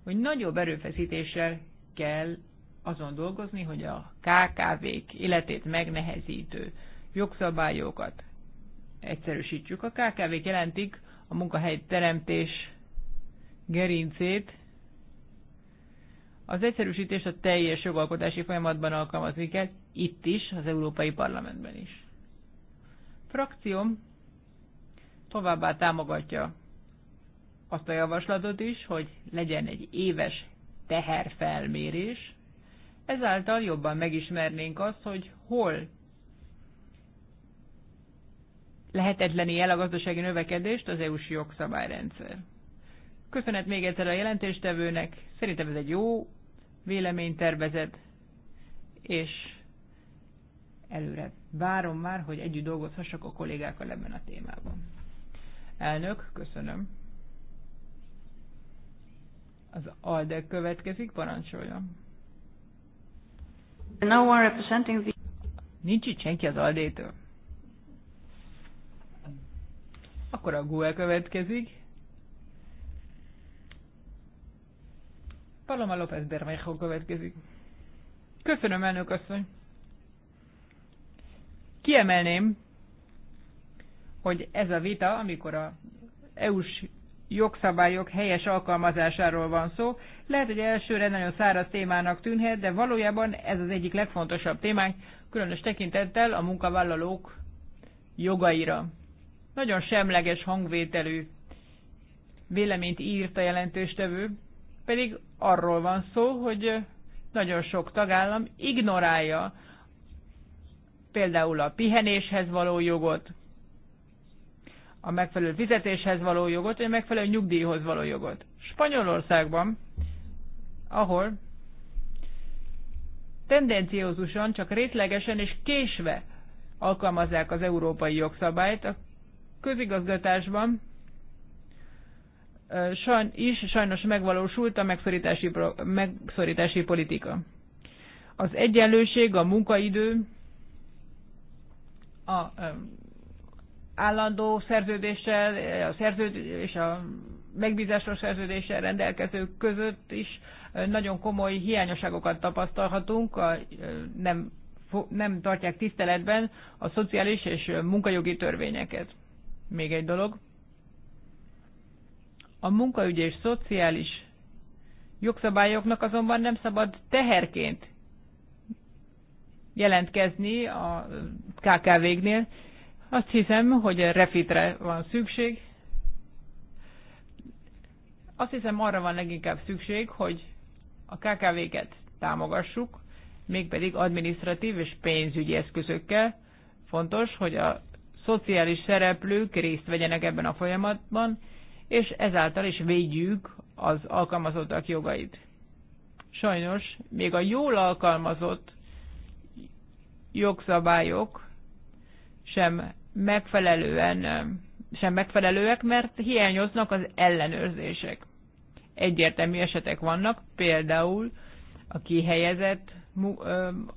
hogy nagyobb erőfeszítéssel kell azon dolgozni, hogy a KKV-k életét megnehezítő jogszabályokat egyszerűsítsük. A KKV-k jelentik a munkahely teremtés gerincét. Az egyszerűsítést a teljes jogalkotási folyamatban alkalmazni kell, itt is, az Európai Parlamentben is. Frakcióm továbbá támogatja azt a javaslatot is, hogy legyen egy éves teherfelmérés, ezáltal jobban megismernénk azt, hogy hol lehetetleni el a gazdasági növekedést az EU-s jogszabályrendszer. Köszönet még egyszer a jelentéstevőnek. Szerintem ez egy jó véleménytervezet, és előre várom már, hogy együtt dolgozhassak a kollégákkal ebben a témában. Elnök, köszönöm. Az ALDE következik, parancsoljon. No one representing the... Nincs itt senki az ALDE-től. Akkor a GUE következik. Paloma López Bermejo következik. Köszönöm, elnök asszony. Kiemelném, hogy ez a vita, amikor a EU-s jogszabályok helyes alkalmazásáról van szó. Lehet, hogy elsőre nagyon száraz témának tűnhet, de valójában ez az egyik legfontosabb témánk, különös tekintettel a munkavállalók jogaira. Nagyon semleges hangvételű véleményt írt a jelentőstevő, pedig arról van szó, hogy nagyon sok tagállam ignorálja például a pihenéshez való jogot, a megfelelő fizetéshez való jogot, vagy a megfelelő nyugdíjhoz való jogot. Spanyolországban, ahol tendenciózusan, csak részlegesen és késve alkalmazzák az európai jogszabályt, a közigazgatásban is sajnos megvalósult a megszorítási, megszorítási politika. Az egyenlőség, a munkaidő, a állandó szerződéssel, a szerződés, a megbízásos szerződéssel rendelkezők között is nagyon komoly hiányosságokat tapasztalhatunk, a, nem, nem tartják tiszteletben a szociális és munkajogi törvényeket. Még egy dolog, a munkaügy és szociális jogszabályoknak azonban nem szabad teherként jelentkezni a kkv nél Azt hiszem, hogy refitre van szükség. Azt hiszem, arra van leginkább szükség, hogy a KKV-ket támogassuk, mégpedig administratív és pénzügyi eszközökkel. Fontos, hogy a szociális szereplők részt vegyenek ebben a folyamatban, és ezáltal is védjük az alkalmazottak jogait. Sajnos még a jól alkalmazott jogszabályok sem megfelelően sem megfelelőek, mert hiányoznak az ellenőrzések. Egyértelmű esetek vannak, például a kihelyezett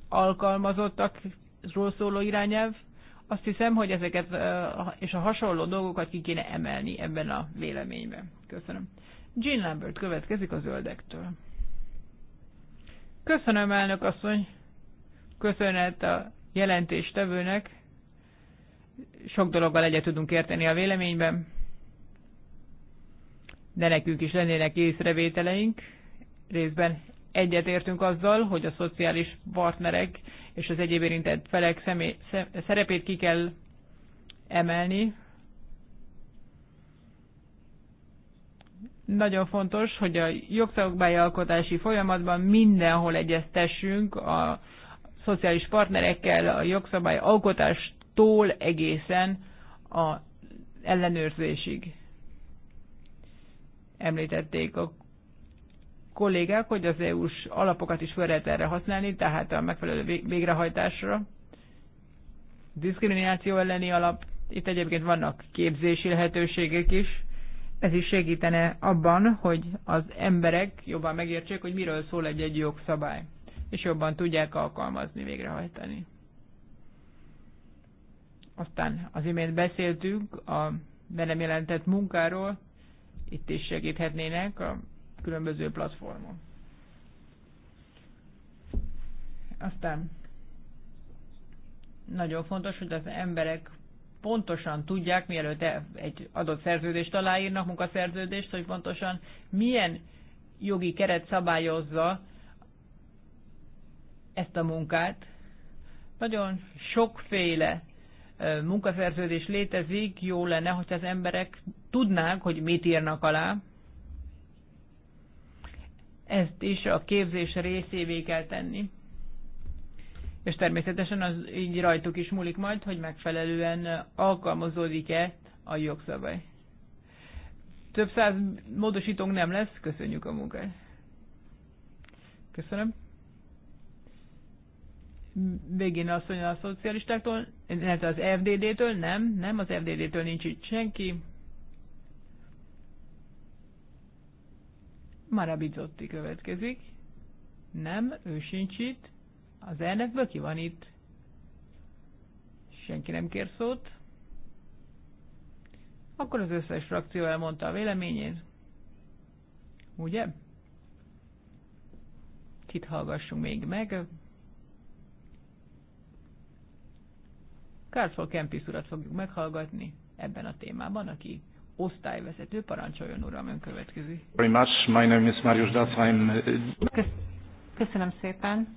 alkalmazottakról szóló irányelv, azt hiszem, hogy ezeket és a hasonló dolgokat ki kéne emelni ebben a véleményben. Köszönöm. Jean Lambert következik a zöldektől. Köszönöm, elnök asszony. Köszönet a jelentéstevőnek. Sok dologgal egyet tudunk érteni a véleményben, de nekünk is lennének észrevételeink. Részben egyetértünk azzal, hogy a szociális partnerek és az egyéb érintett felek személy, szerepét ki kell emelni. Nagyon fontos, hogy a jogszabályalkotási folyamatban mindenhol egyeztessünk a szociális partnerekkel, a jogszabály alkotástól egészen a ellenőrzésig. Említették a kollégák, hogy az EU-s alapokat is fel lehet erre használni, tehát a megfelelő végrehajtásra. Diszkrimináció elleni alap, itt egyébként vannak képzési lehetőségek is. Ez is segítene abban, hogy az emberek jobban megértsék, hogy miről szól egy-egy jogszabály, és jobban tudják alkalmazni, végrehajtani. Aztán az imént beszéltünk a velem jelentett munkáról, itt is segíthetnének a különböző platformon. Aztán nagyon fontos, hogy az emberek pontosan tudják, mielőtt e- egy adott szerződést aláírnak, munkaszerződést, hogy pontosan milyen jogi keret szabályozza ezt a munkát. Nagyon sokféle munkaszerződés létezik, jó lenne, hogy az emberek tudnák, hogy mit írnak alá, ezt is a képzés részévé kell tenni. És természetesen az így rajtuk is múlik majd, hogy megfelelően alkalmazódik-e a jogszabály. Több száz módosítónk nem lesz, köszönjük a munkát. Köszönöm. Végén mondja a szocialistáktól, illetve az FDD-től, nem, nem, az FDD-től nincs itt senki. Marabizotti következik. Nem, ő sincs itt. Az elnökből ki van itt? Senki nem kér szót. Akkor az összes frakció elmondta a véleményét. Ugye? Kit hallgassunk még meg? Carl Kempis urat fogjuk meghallgatni ebben a témában, aki osztályvezető. Parancsoljon, uram, ön következő. Very much. My name is Marius Das. I'm... Uh, köszönöm szépen.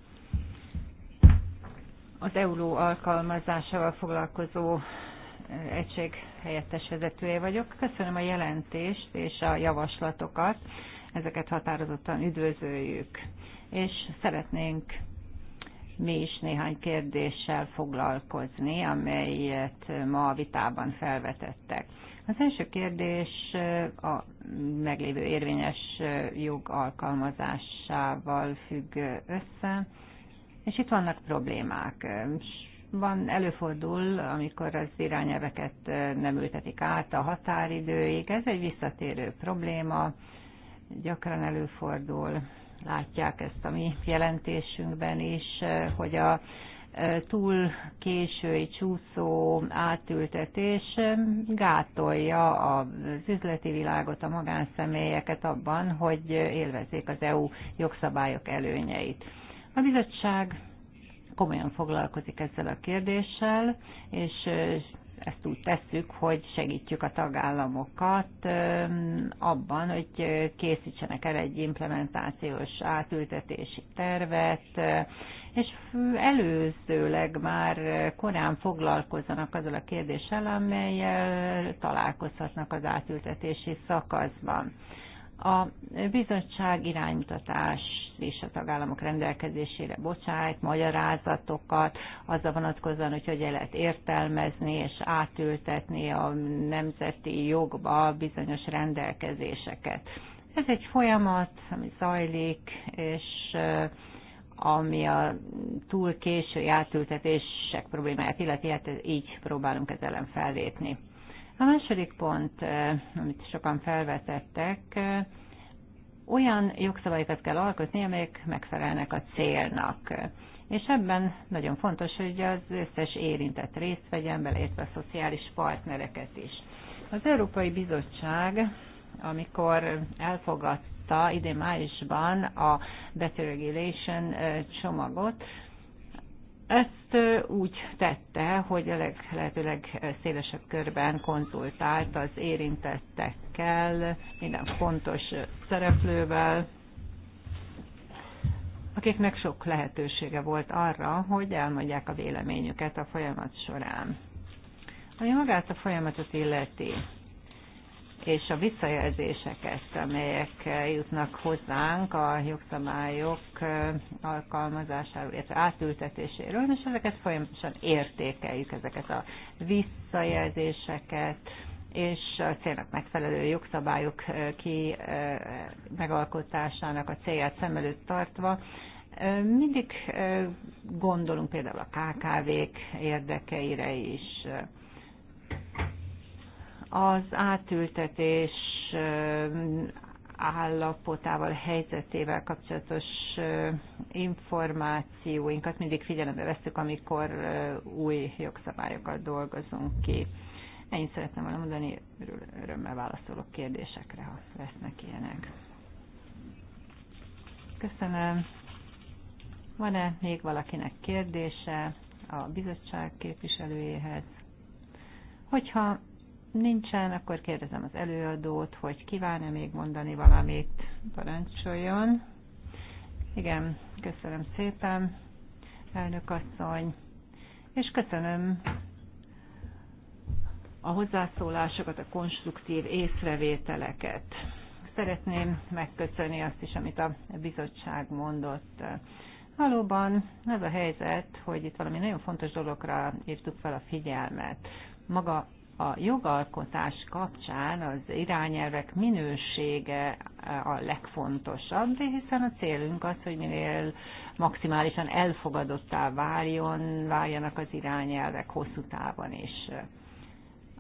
Az EULO alkalmazásával foglalkozó uh, egység helyettes vezetője vagyok. Köszönöm a jelentést és a javaslatokat. Ezeket határozottan üdvözöljük. És szeretnénk mi is néhány kérdéssel foglalkozni, amelyet ma a vitában felvetettek. Az első kérdés a meglévő érvényes jog alkalmazásával függ össze, és itt vannak problémák. Van, előfordul, amikor az irányelveket nem ültetik át a határidőig, ez egy visszatérő probléma, gyakran előfordul, látják ezt a mi jelentésünkben is, hogy a túl késői csúszó átültetés gátolja az üzleti világot, a magánszemélyeket abban, hogy élvezzék az EU jogszabályok előnyeit. A bizottság komolyan foglalkozik ezzel a kérdéssel, és ezt úgy tesszük, hogy segítjük a tagállamokat abban, hogy készítsenek el egy implementációs átültetési tervet, és előzőleg már korán foglalkozzanak azzal a kérdéssel, amelyel találkozhatnak az átültetési szakaszban. A bizottság iránymutatás és a tagállamok rendelkezésére bocsájt, magyarázatokat, azzal vonatkozóan, hogy hogy lehet értelmezni és átültetni a nemzeti jogba bizonyos rendelkezéseket. Ez egy folyamat, ami zajlik, és ami a túl késői átültetések problémáját illeti, hát így próbálunk ezzel ellen fellépni. A második pont, eh, amit sokan felvetettek, eh, olyan jogszabályokat kell alkotni, amelyek megfelelnek a célnak. És ebben nagyon fontos, hogy az összes érintett részt vegyen, beleértve a szociális partnereket is. Az Európai Bizottság amikor elfogadta idén májusban a Better Regulation csomagot, ezt úgy tette, hogy a leg, lehetőleg szélesebb körben konzultált az érintettekkel, minden fontos szereplővel, akiknek sok lehetősége volt arra, hogy elmondják a véleményüket a folyamat során. Ami magát a folyamatot illeti, és a visszajelzéseket, amelyek jutnak hozzánk a jogszabályok alkalmazásáról, illetve átültetéséről, és ezeket folyamatosan értékeljük, ezeket a visszajelzéseket, és a célnak megfelelő jogszabályok ki megalkotásának a célját szem előtt tartva, mindig gondolunk például a KKV-k érdekeire is, az átültetés állapotával, helyzetével kapcsolatos információinkat mindig figyelembe veszük, amikor új jogszabályokat dolgozunk ki. Ennyit szeretném volna mondani, örömmel válaszolok kérdésekre, ha lesznek ilyenek. Köszönöm. Van-e még valakinek kérdése a bizottság képviselőjéhez? Hogyha nincsen, akkor kérdezem az előadót, hogy kíván-e még mondani valamit, parancsoljon. Igen, köszönöm szépen, elnök asszony, és köszönöm a hozzászólásokat, a konstruktív észrevételeket. Szeretném megköszönni azt is, amit a bizottság mondott. Valóban az a helyzet, hogy itt valami nagyon fontos dologra írtuk fel a figyelmet. Maga a jogalkotás kapcsán az irányelvek minősége a legfontosabb, hiszen a célunk az, hogy minél maximálisan elfogadottá váljon, váljanak az irányelvek hosszú távon is.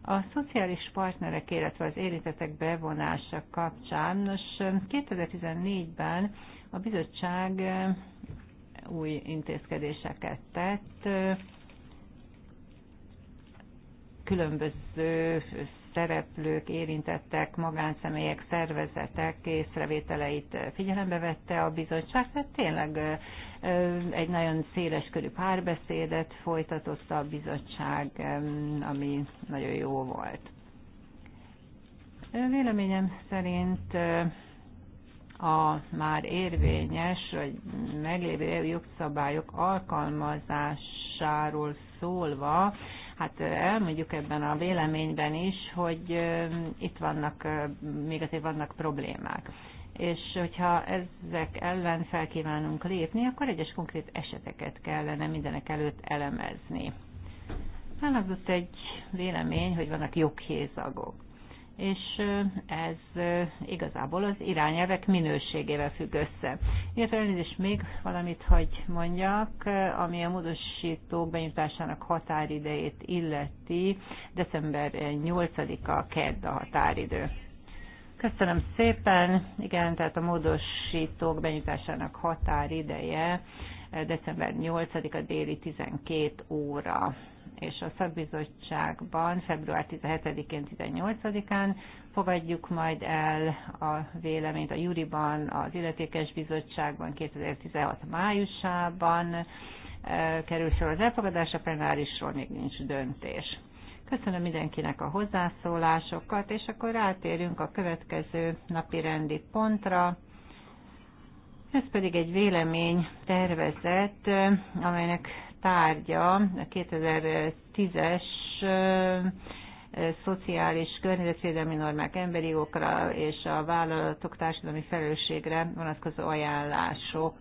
A szociális partnerek, illetve az érintetek bevonása kapcsán, nos 2014-ben a bizottság új intézkedéseket tett, különböző szereplők, érintettek, magánszemélyek, szervezetek észrevételeit figyelembe vette a bizottság, tehát tényleg egy nagyon széles körű párbeszédet folytatott a bizottság, ami nagyon jó volt. Véleményem szerint a már érvényes, vagy meglévő jogszabályok alkalmazásáról szólva hát elmondjuk ebben a véleményben is, hogy itt vannak, még azért vannak problémák. És hogyha ezek ellen felkívánunk lépni, akkor egyes konkrét eseteket kellene mindenek előtt elemezni. Elhangzott egy vélemény, hogy vannak joghézagok és ez igazából az irányelvek minőségével függ össze. Illetve is még valamit hogy mondjak, ami a módosítók benyújtásának határidejét illeti, december 8-a kedd a határidő. Köszönöm szépen. Igen, tehát a módosítók benyújtásának határideje december 8-a déli 12 óra és a szakbizottságban február 17-én, 18-án fogadjuk majd el a véleményt a Juriban, az illetékes bizottságban 2016 májusában e, kerül sor az a plenárisról még nincs döntés. Köszönöm mindenkinek a hozzászólásokat, és akkor rátérünk a következő napi rendi pontra. Ez pedig egy vélemény tervezet, amelynek tárgya a 2010-es szociális környezetvédelmi normák emberi jogokra és a vállalatok társadalmi felelősségre vonatkozó ajánlások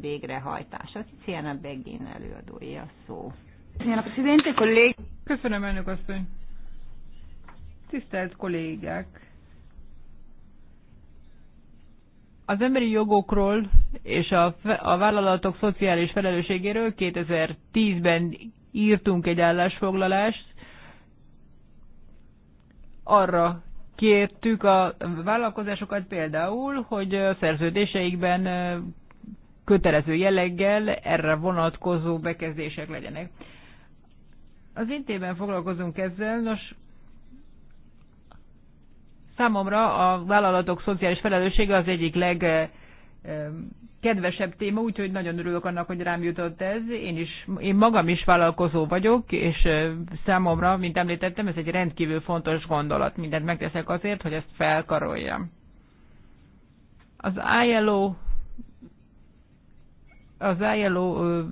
végrehajtása. Tiziana Begin előadója szó. Köszönöm, elnök asszony. Tisztelt kollégák! Az emberi jogokról és a, a vállalatok szociális felelősségéről 2010-ben írtunk egy állásfoglalást, arra kértük a vállalkozásokat például, hogy a szerződéseikben kötelező jelleggel erre vonatkozó bekezdések legyenek. Az intében foglalkozunk ezzel, nos, számomra a vállalatok szociális felelőssége az egyik leg kedvesebb téma, úgyhogy nagyon örülök annak, hogy rám jutott ez. Én, is, én magam is vállalkozó vagyok, és számomra, mint említettem, ez egy rendkívül fontos gondolat. Mindent megteszek azért, hogy ezt felkaroljam. Az ILO az ILO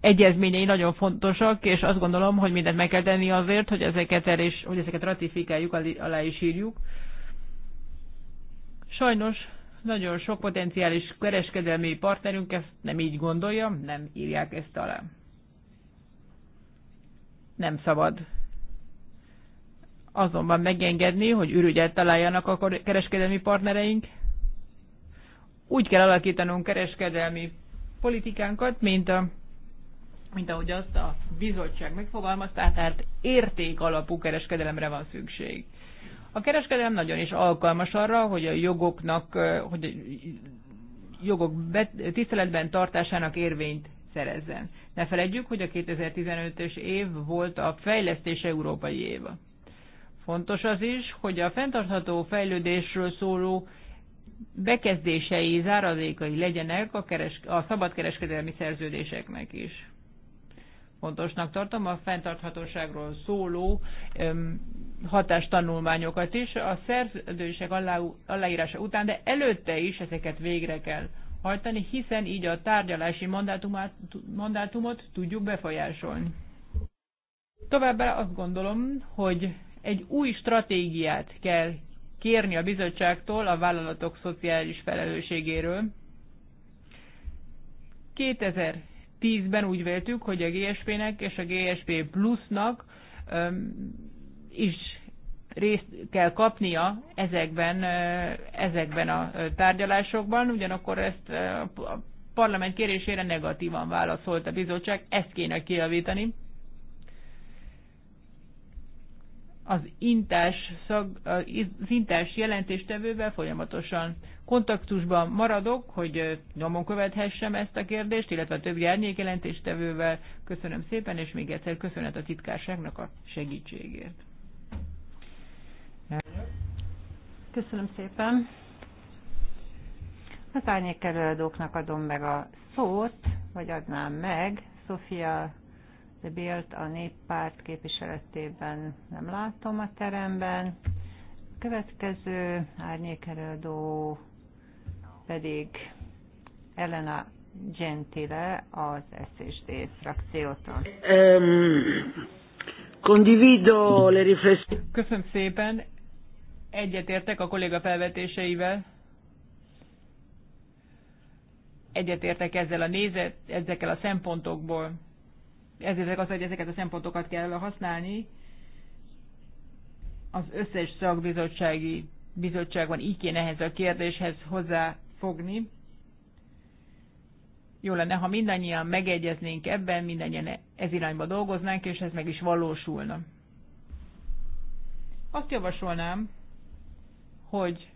egyezményei nagyon fontosak, és azt gondolom, hogy mindent meg kell tenni azért, hogy ezeket, el is, hogy ezeket ratifikáljuk, alá is írjuk. Sajnos nagyon sok potenciális kereskedelmi partnerünk ezt nem így gondolja, nem írják ezt alá. Nem szabad azonban megengedni, hogy ürügyet találjanak a kereskedelmi partnereink. Úgy kell alakítanunk kereskedelmi politikánkat, mint, a, mint ahogy azt a bizottság megfogalmazta, tehát érték alapú kereskedelemre van szükség. A kereskedelem nagyon is alkalmas arra, hogy a jogoknak, hogy a jogok tiszteletben tartásának érvényt szerezzen. Ne felejtjük, hogy a 2015-ös év volt a fejlesztés európai éve. Fontos az is, hogy a fenntartható fejlődésről szóló bekezdései, záradékai legyenek a, keres, a szabadkereskedelmi szerződéseknek is. Fontosnak tartom a fenntarthatóságról szóló öm, hatástanulmányokat is a szerződések aláírása után, de előtte is ezeket végre kell hajtani, hiszen így a tárgyalási mandátumát, mandátumot tudjuk befolyásolni. Továbbá azt gondolom, hogy egy új stratégiát kell kérni a bizottságtól a vállalatok szociális felelősségéről. 2010-ben úgy véltük, hogy a GSP-nek és a GSP plusznak is részt kell kapnia ezekben, ezekben a tárgyalásokban, ugyanakkor ezt a parlament kérésére negatívan válaszolt a bizottság, ezt kéne kiavítani. Az intás, szag, az intás jelentéstevővel folyamatosan kontaktusban maradok, hogy nyomon követhessem ezt a kérdést, illetve a többi árnyék jelentéstevővel. Köszönöm szépen, és még egyszer köszönet a titkárságnak a segítségért. Köszönöm szépen. Az árnyék előadóknak adom meg a szót, vagy adnám meg. Sofia de Bélt a néppárt képviseletében nem látom a teremben. A következő árnyék pedig Elena Gentile az SSD frakciótól. Um, condivido le riflessioni. Köszönöm szépen, Egyetértek a kolléga felvetéseivel. Egyetértek ezzel a nézet, ezekkel a szempontokból. Ezért az, hogy ezeket a szempontokat kell használni. Az összes szakbizottsági bizottságban így kéne ehhez a kérdéshez hozzáfogni. Jó lenne, ha mindannyian megegyeznénk ebben, mindannyian ez irányba dolgoznánk, és ez meg is valósulna. Azt javasolnám, hogy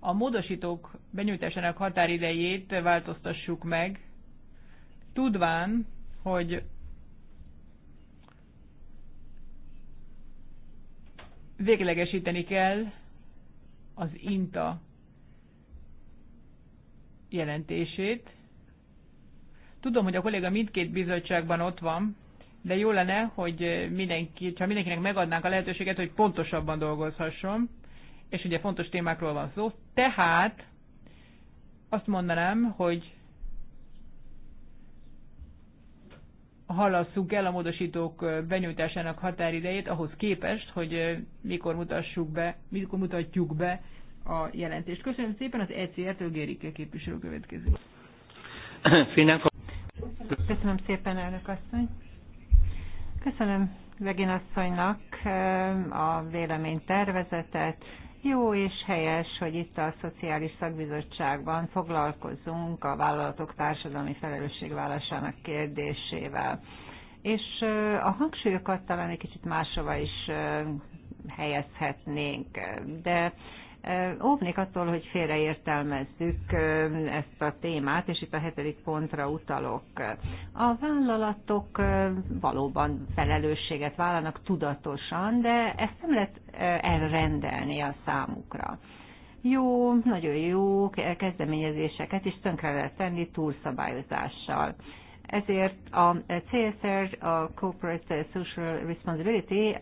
a módosítók benyújtásának határidejét változtassuk meg, tudván, hogy véglegesíteni kell az INTA jelentését. Tudom, hogy a kolléga mindkét bizottságban ott van, de jó lenne, hogy mindenki, ha mindenkinek megadnánk a lehetőséget, hogy pontosabban dolgozhasson, és ugye fontos témákról van szó, tehát azt mondanám, hogy halasszuk el a módosítók benyújtásának határidejét ahhoz képest, hogy mikor mutassuk be, mikor mutatjuk be a jelentést. Köszönöm szépen, az ECR-től Gérike képviselő következő. Köszönöm szépen, elnök asszony. Köszönöm Vegin asszonynak a véleménytervezetet. Jó és helyes, hogy itt a Szociális Szakbizottságban foglalkozunk a vállalatok társadalmi felelősségvállásának kérdésével. És a hangsúlyokat talán egy kicsit máshova is helyezhetnénk, de óvnék attól, hogy félreértelmezzük ezt a témát, és itt a hetedik pontra utalok. A vállalatok valóban felelősséget vállalnak tudatosan, de ezt nem lehet elrendelni a számukra jó, nagyon jó kezdeményezéseket is tönkre lehet tenni túlszabályozással. Ezért a CSR, a Corporate Social Responsibility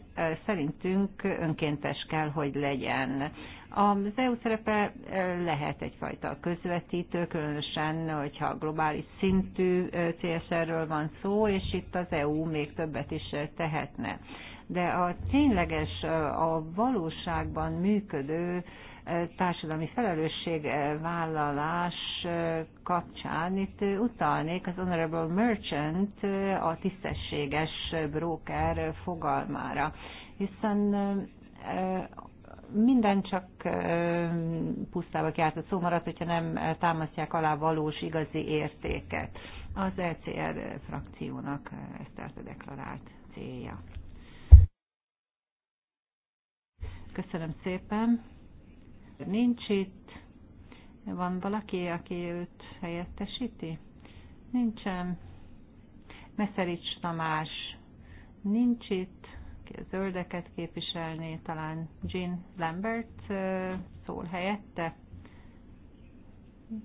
szerintünk önkéntes kell, hogy legyen. Az EU szerepe e, lehet egyfajta közvetítő, különösen, hogyha globális szintű e, CSR-ről van szó, és itt az EU még többet is e, tehetne. De a tényleges, a valóságban működő társadalmi felelősségvállalás kapcsán itt utalnék az Honorable Merchant, a tisztességes broker fogalmára, hiszen minden csak pusztába kiáltott szó maradt, hogyha nem támasztják alá valós igazi értéket. Az LCR e frakciónak ezt tehát a deklarált célja. Köszönöm szépen. Nincs itt. Van valaki, aki őt helyettesíti? Nincsen. Meszerics Tamás nincs itt zöldeket képviselni, talán Jean Lambert szól helyette.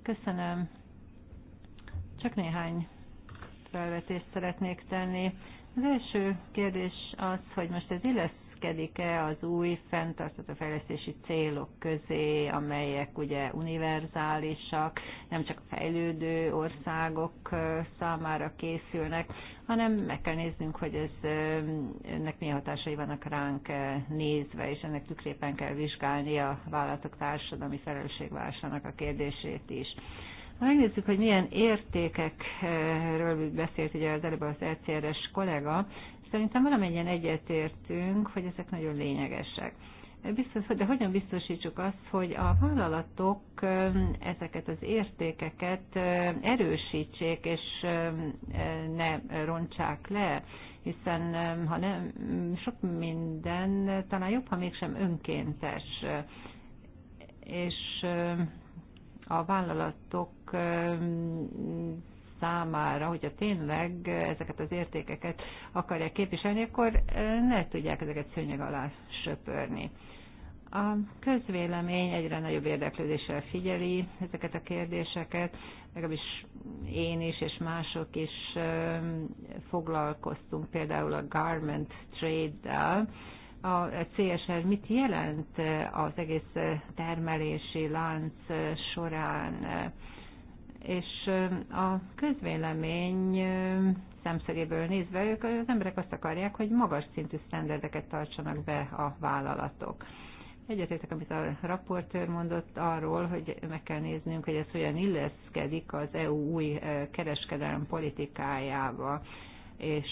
Köszönöm. Csak néhány felvetést szeretnék tenni. Az első kérdés az, hogy most ez illesz illeszkedik-e az új fenntartható fejlesztési célok közé, amelyek ugye univerzálisak, nem csak a fejlődő országok számára készülnek, hanem meg kell néznünk, hogy ez, ennek milyen hatásai vannak ránk nézve, és ennek tükrében kell vizsgálni a vállalatok társadalmi felelősségvásának a kérdését is. Ha megnézzük, hogy milyen értékekről beszélt ugye az előbb az ECRS kollega, szerintem valamennyien egyetértünk, hogy ezek nagyon lényegesek. Biztos, de hogyan biztosítsuk azt, hogy a vállalatok ezeket az értékeket erősítsék, és ne rontsák le, hiszen ha nem, sok minden talán jobb, ha mégsem önkéntes, és a vállalatok számára, hogyha tényleg ezeket az értékeket akarják képviselni, akkor ne tudják ezeket szőnyeg alá söpörni. A közvélemény egyre nagyobb érdeklődéssel figyeli ezeket a kérdéseket, legalábbis én is és mások is foglalkoztunk például a garment trade-del, a CSR mit jelent az egész termelési lánc során, és a közvélemény szemszögéből nézve, ők az emberek azt akarják, hogy magas szintű sztenderdeket tartsanak be a vállalatok. Egyetértek, amit a raportőr mondott arról, hogy meg kell néznünk, hogy ez hogyan illeszkedik az EU új kereskedelem politikájába és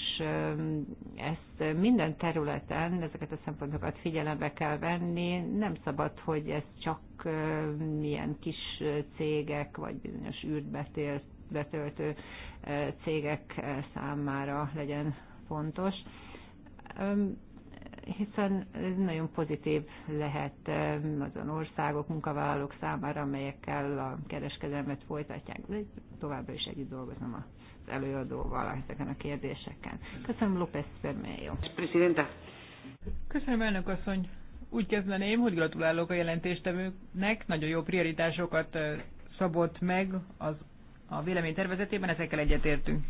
ezt minden területen, ezeket a szempontokat figyelembe kell venni, nem szabad, hogy ez csak milyen kis cégek, vagy bizonyos űrt betöltő cégek számára legyen fontos hiszen ez nagyon pozitív lehet azon országok, munkavállalók számára, amelyekkel a kereskedelmet folytatják. De továbbra is együtt dolgozom a előadóval ezeken a kérdéseken. Köszönöm, López Bermejo. Köszönöm, elnök asszony. Úgy kezdeném, hogy gratulálok a jelentéstevőknek, nagyon jó prioritásokat szabott meg az, a vélemény tervezetében, ezekkel egyetértünk.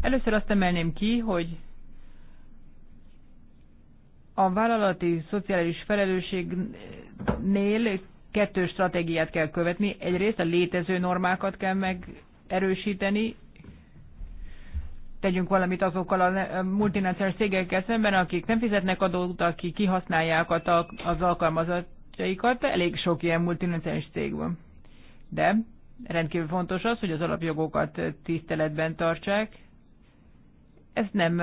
Először azt emelném ki, hogy a vállalati szociális felelősségnél kettő stratégiát kell követni. Egyrészt a létező normákat kell megerősíteni, tegyünk valamit azokkal a multinacionális cégekkel szemben, akik nem fizetnek adót, akik kihasználják az alkalmazottjaikat. Elég sok ilyen multinacionális cég van. De rendkívül fontos az, hogy az alapjogokat tiszteletben tartsák. Ez nem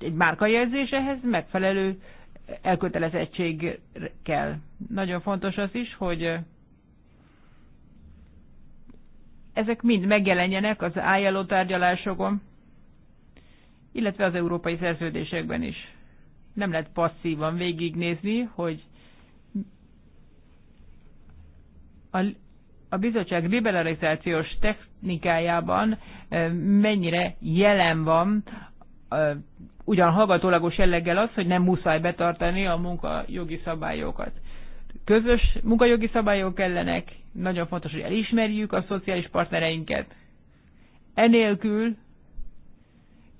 egy márkajelzés, ehhez megfelelő elkötelezettség kell. Nagyon fontos az is, hogy ezek mind megjelenjenek az ILO tárgyalásokon illetve az európai szerződésekben is. Nem lehet passzívan végignézni, hogy a, a bizottság liberalizációs technikájában mennyire jelen van ugyan hallgatólagos jelleggel az, hogy nem muszáj betartani a munkajogi szabályokat. Közös munkajogi szabályok kellenek, nagyon fontos, hogy elismerjük a szociális partnereinket. Enélkül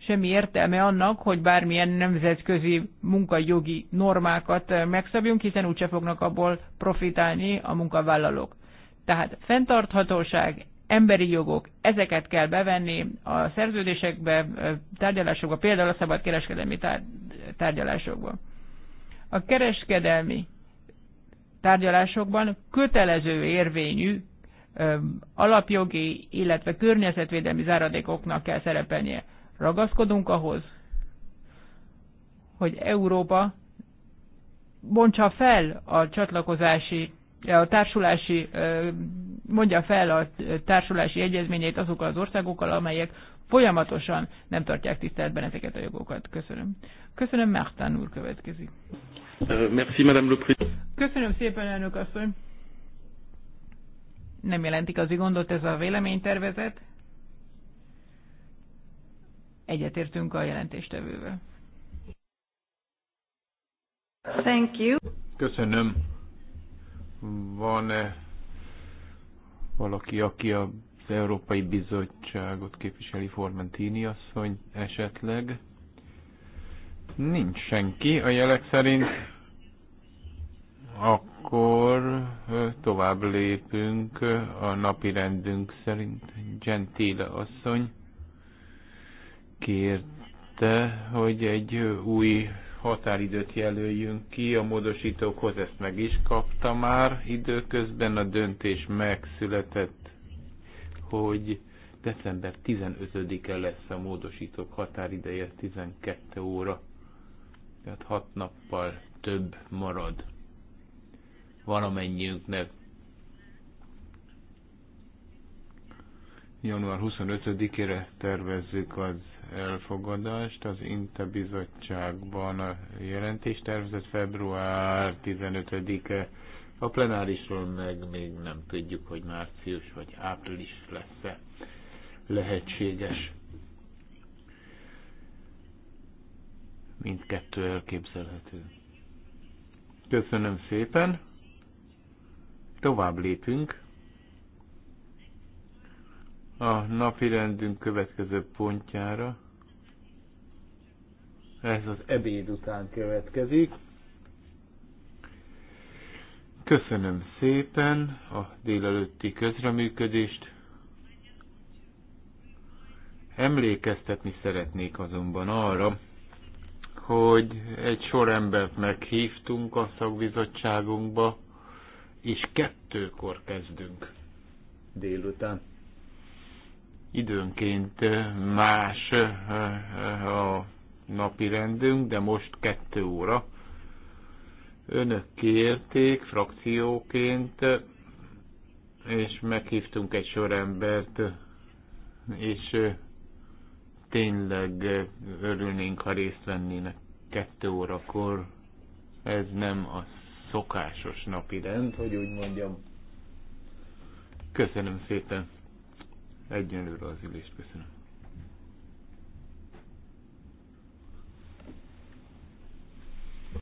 semmi értelme annak, hogy bármilyen nemzetközi munkajogi normákat eh, megszabjunk, hiszen úgyse fognak abból profitálni a munkavállalók. Tehát fenntarthatóság, emberi jogok, ezeket kell bevenni a szerződésekbe, eh, tárgyalásokba, például a szabadkereskedelmi tárgyalásokba. A kereskedelmi tárgyalásokban kötelező érvényű eh, alapjogi, illetve környezetvédelmi záradékoknak kell szerepelnie ragaszkodunk ahhoz, hogy Európa bontsa fel a csatlakozási, a társulási, mondja fel a társulási egyezményét azokkal az országokkal, amelyek folyamatosan nem tartják tiszteletben ezeket a jogokat. Köszönöm. Köszönöm, Mártán úr következik. Merci, Madame le Köszönöm szépen, elnök asszony. Nem jelentik az gondot ez a véleménytervezet. Egyetértünk a jelentéstevővel. Thank you. Köszönöm. Van-e valaki, aki az Európai Bizottságot képviseli, Formentini asszony esetleg? Nincs senki a jelek szerint. Akkor tovább lépünk a napi rendünk szerint. Gentile asszony kérte, hogy egy új határidőt jelöljünk ki a módosítókhoz, ezt meg is kapta már. Időközben a döntés megszületett, hogy december 15-e lesz a módosítók határideje, 12 óra. Tehát hat nappal több marad valamennyiünknek. Január 25-ére tervezzük az elfogadást. Az INTA bizottságban a tervezett február 15-e. A plenárisról meg még nem tudjuk, hogy március vagy április lesz-e lehetséges. Mindkettő elképzelhető. Köszönöm szépen. Tovább lépünk a napi rendünk következő pontjára. Ez az ebéd után következik. Köszönöm szépen a délelőtti közreműködést. Emlékeztetni szeretnék azonban arra, hogy egy sor embert meghívtunk a szakbizottságunkba, és kettőkor kezdünk délután időnként más eh, eh, a napi rendünk, de most kettő óra. Önök kérték frakcióként, és meghívtunk egy sor embert, és eh, tényleg örülnénk, ha részt vennének kettő órakor. Ez nem a szokásos napi rend, hogy úgy mondjam. Köszönöm szépen! egyenlőre az ülést. Köszönöm.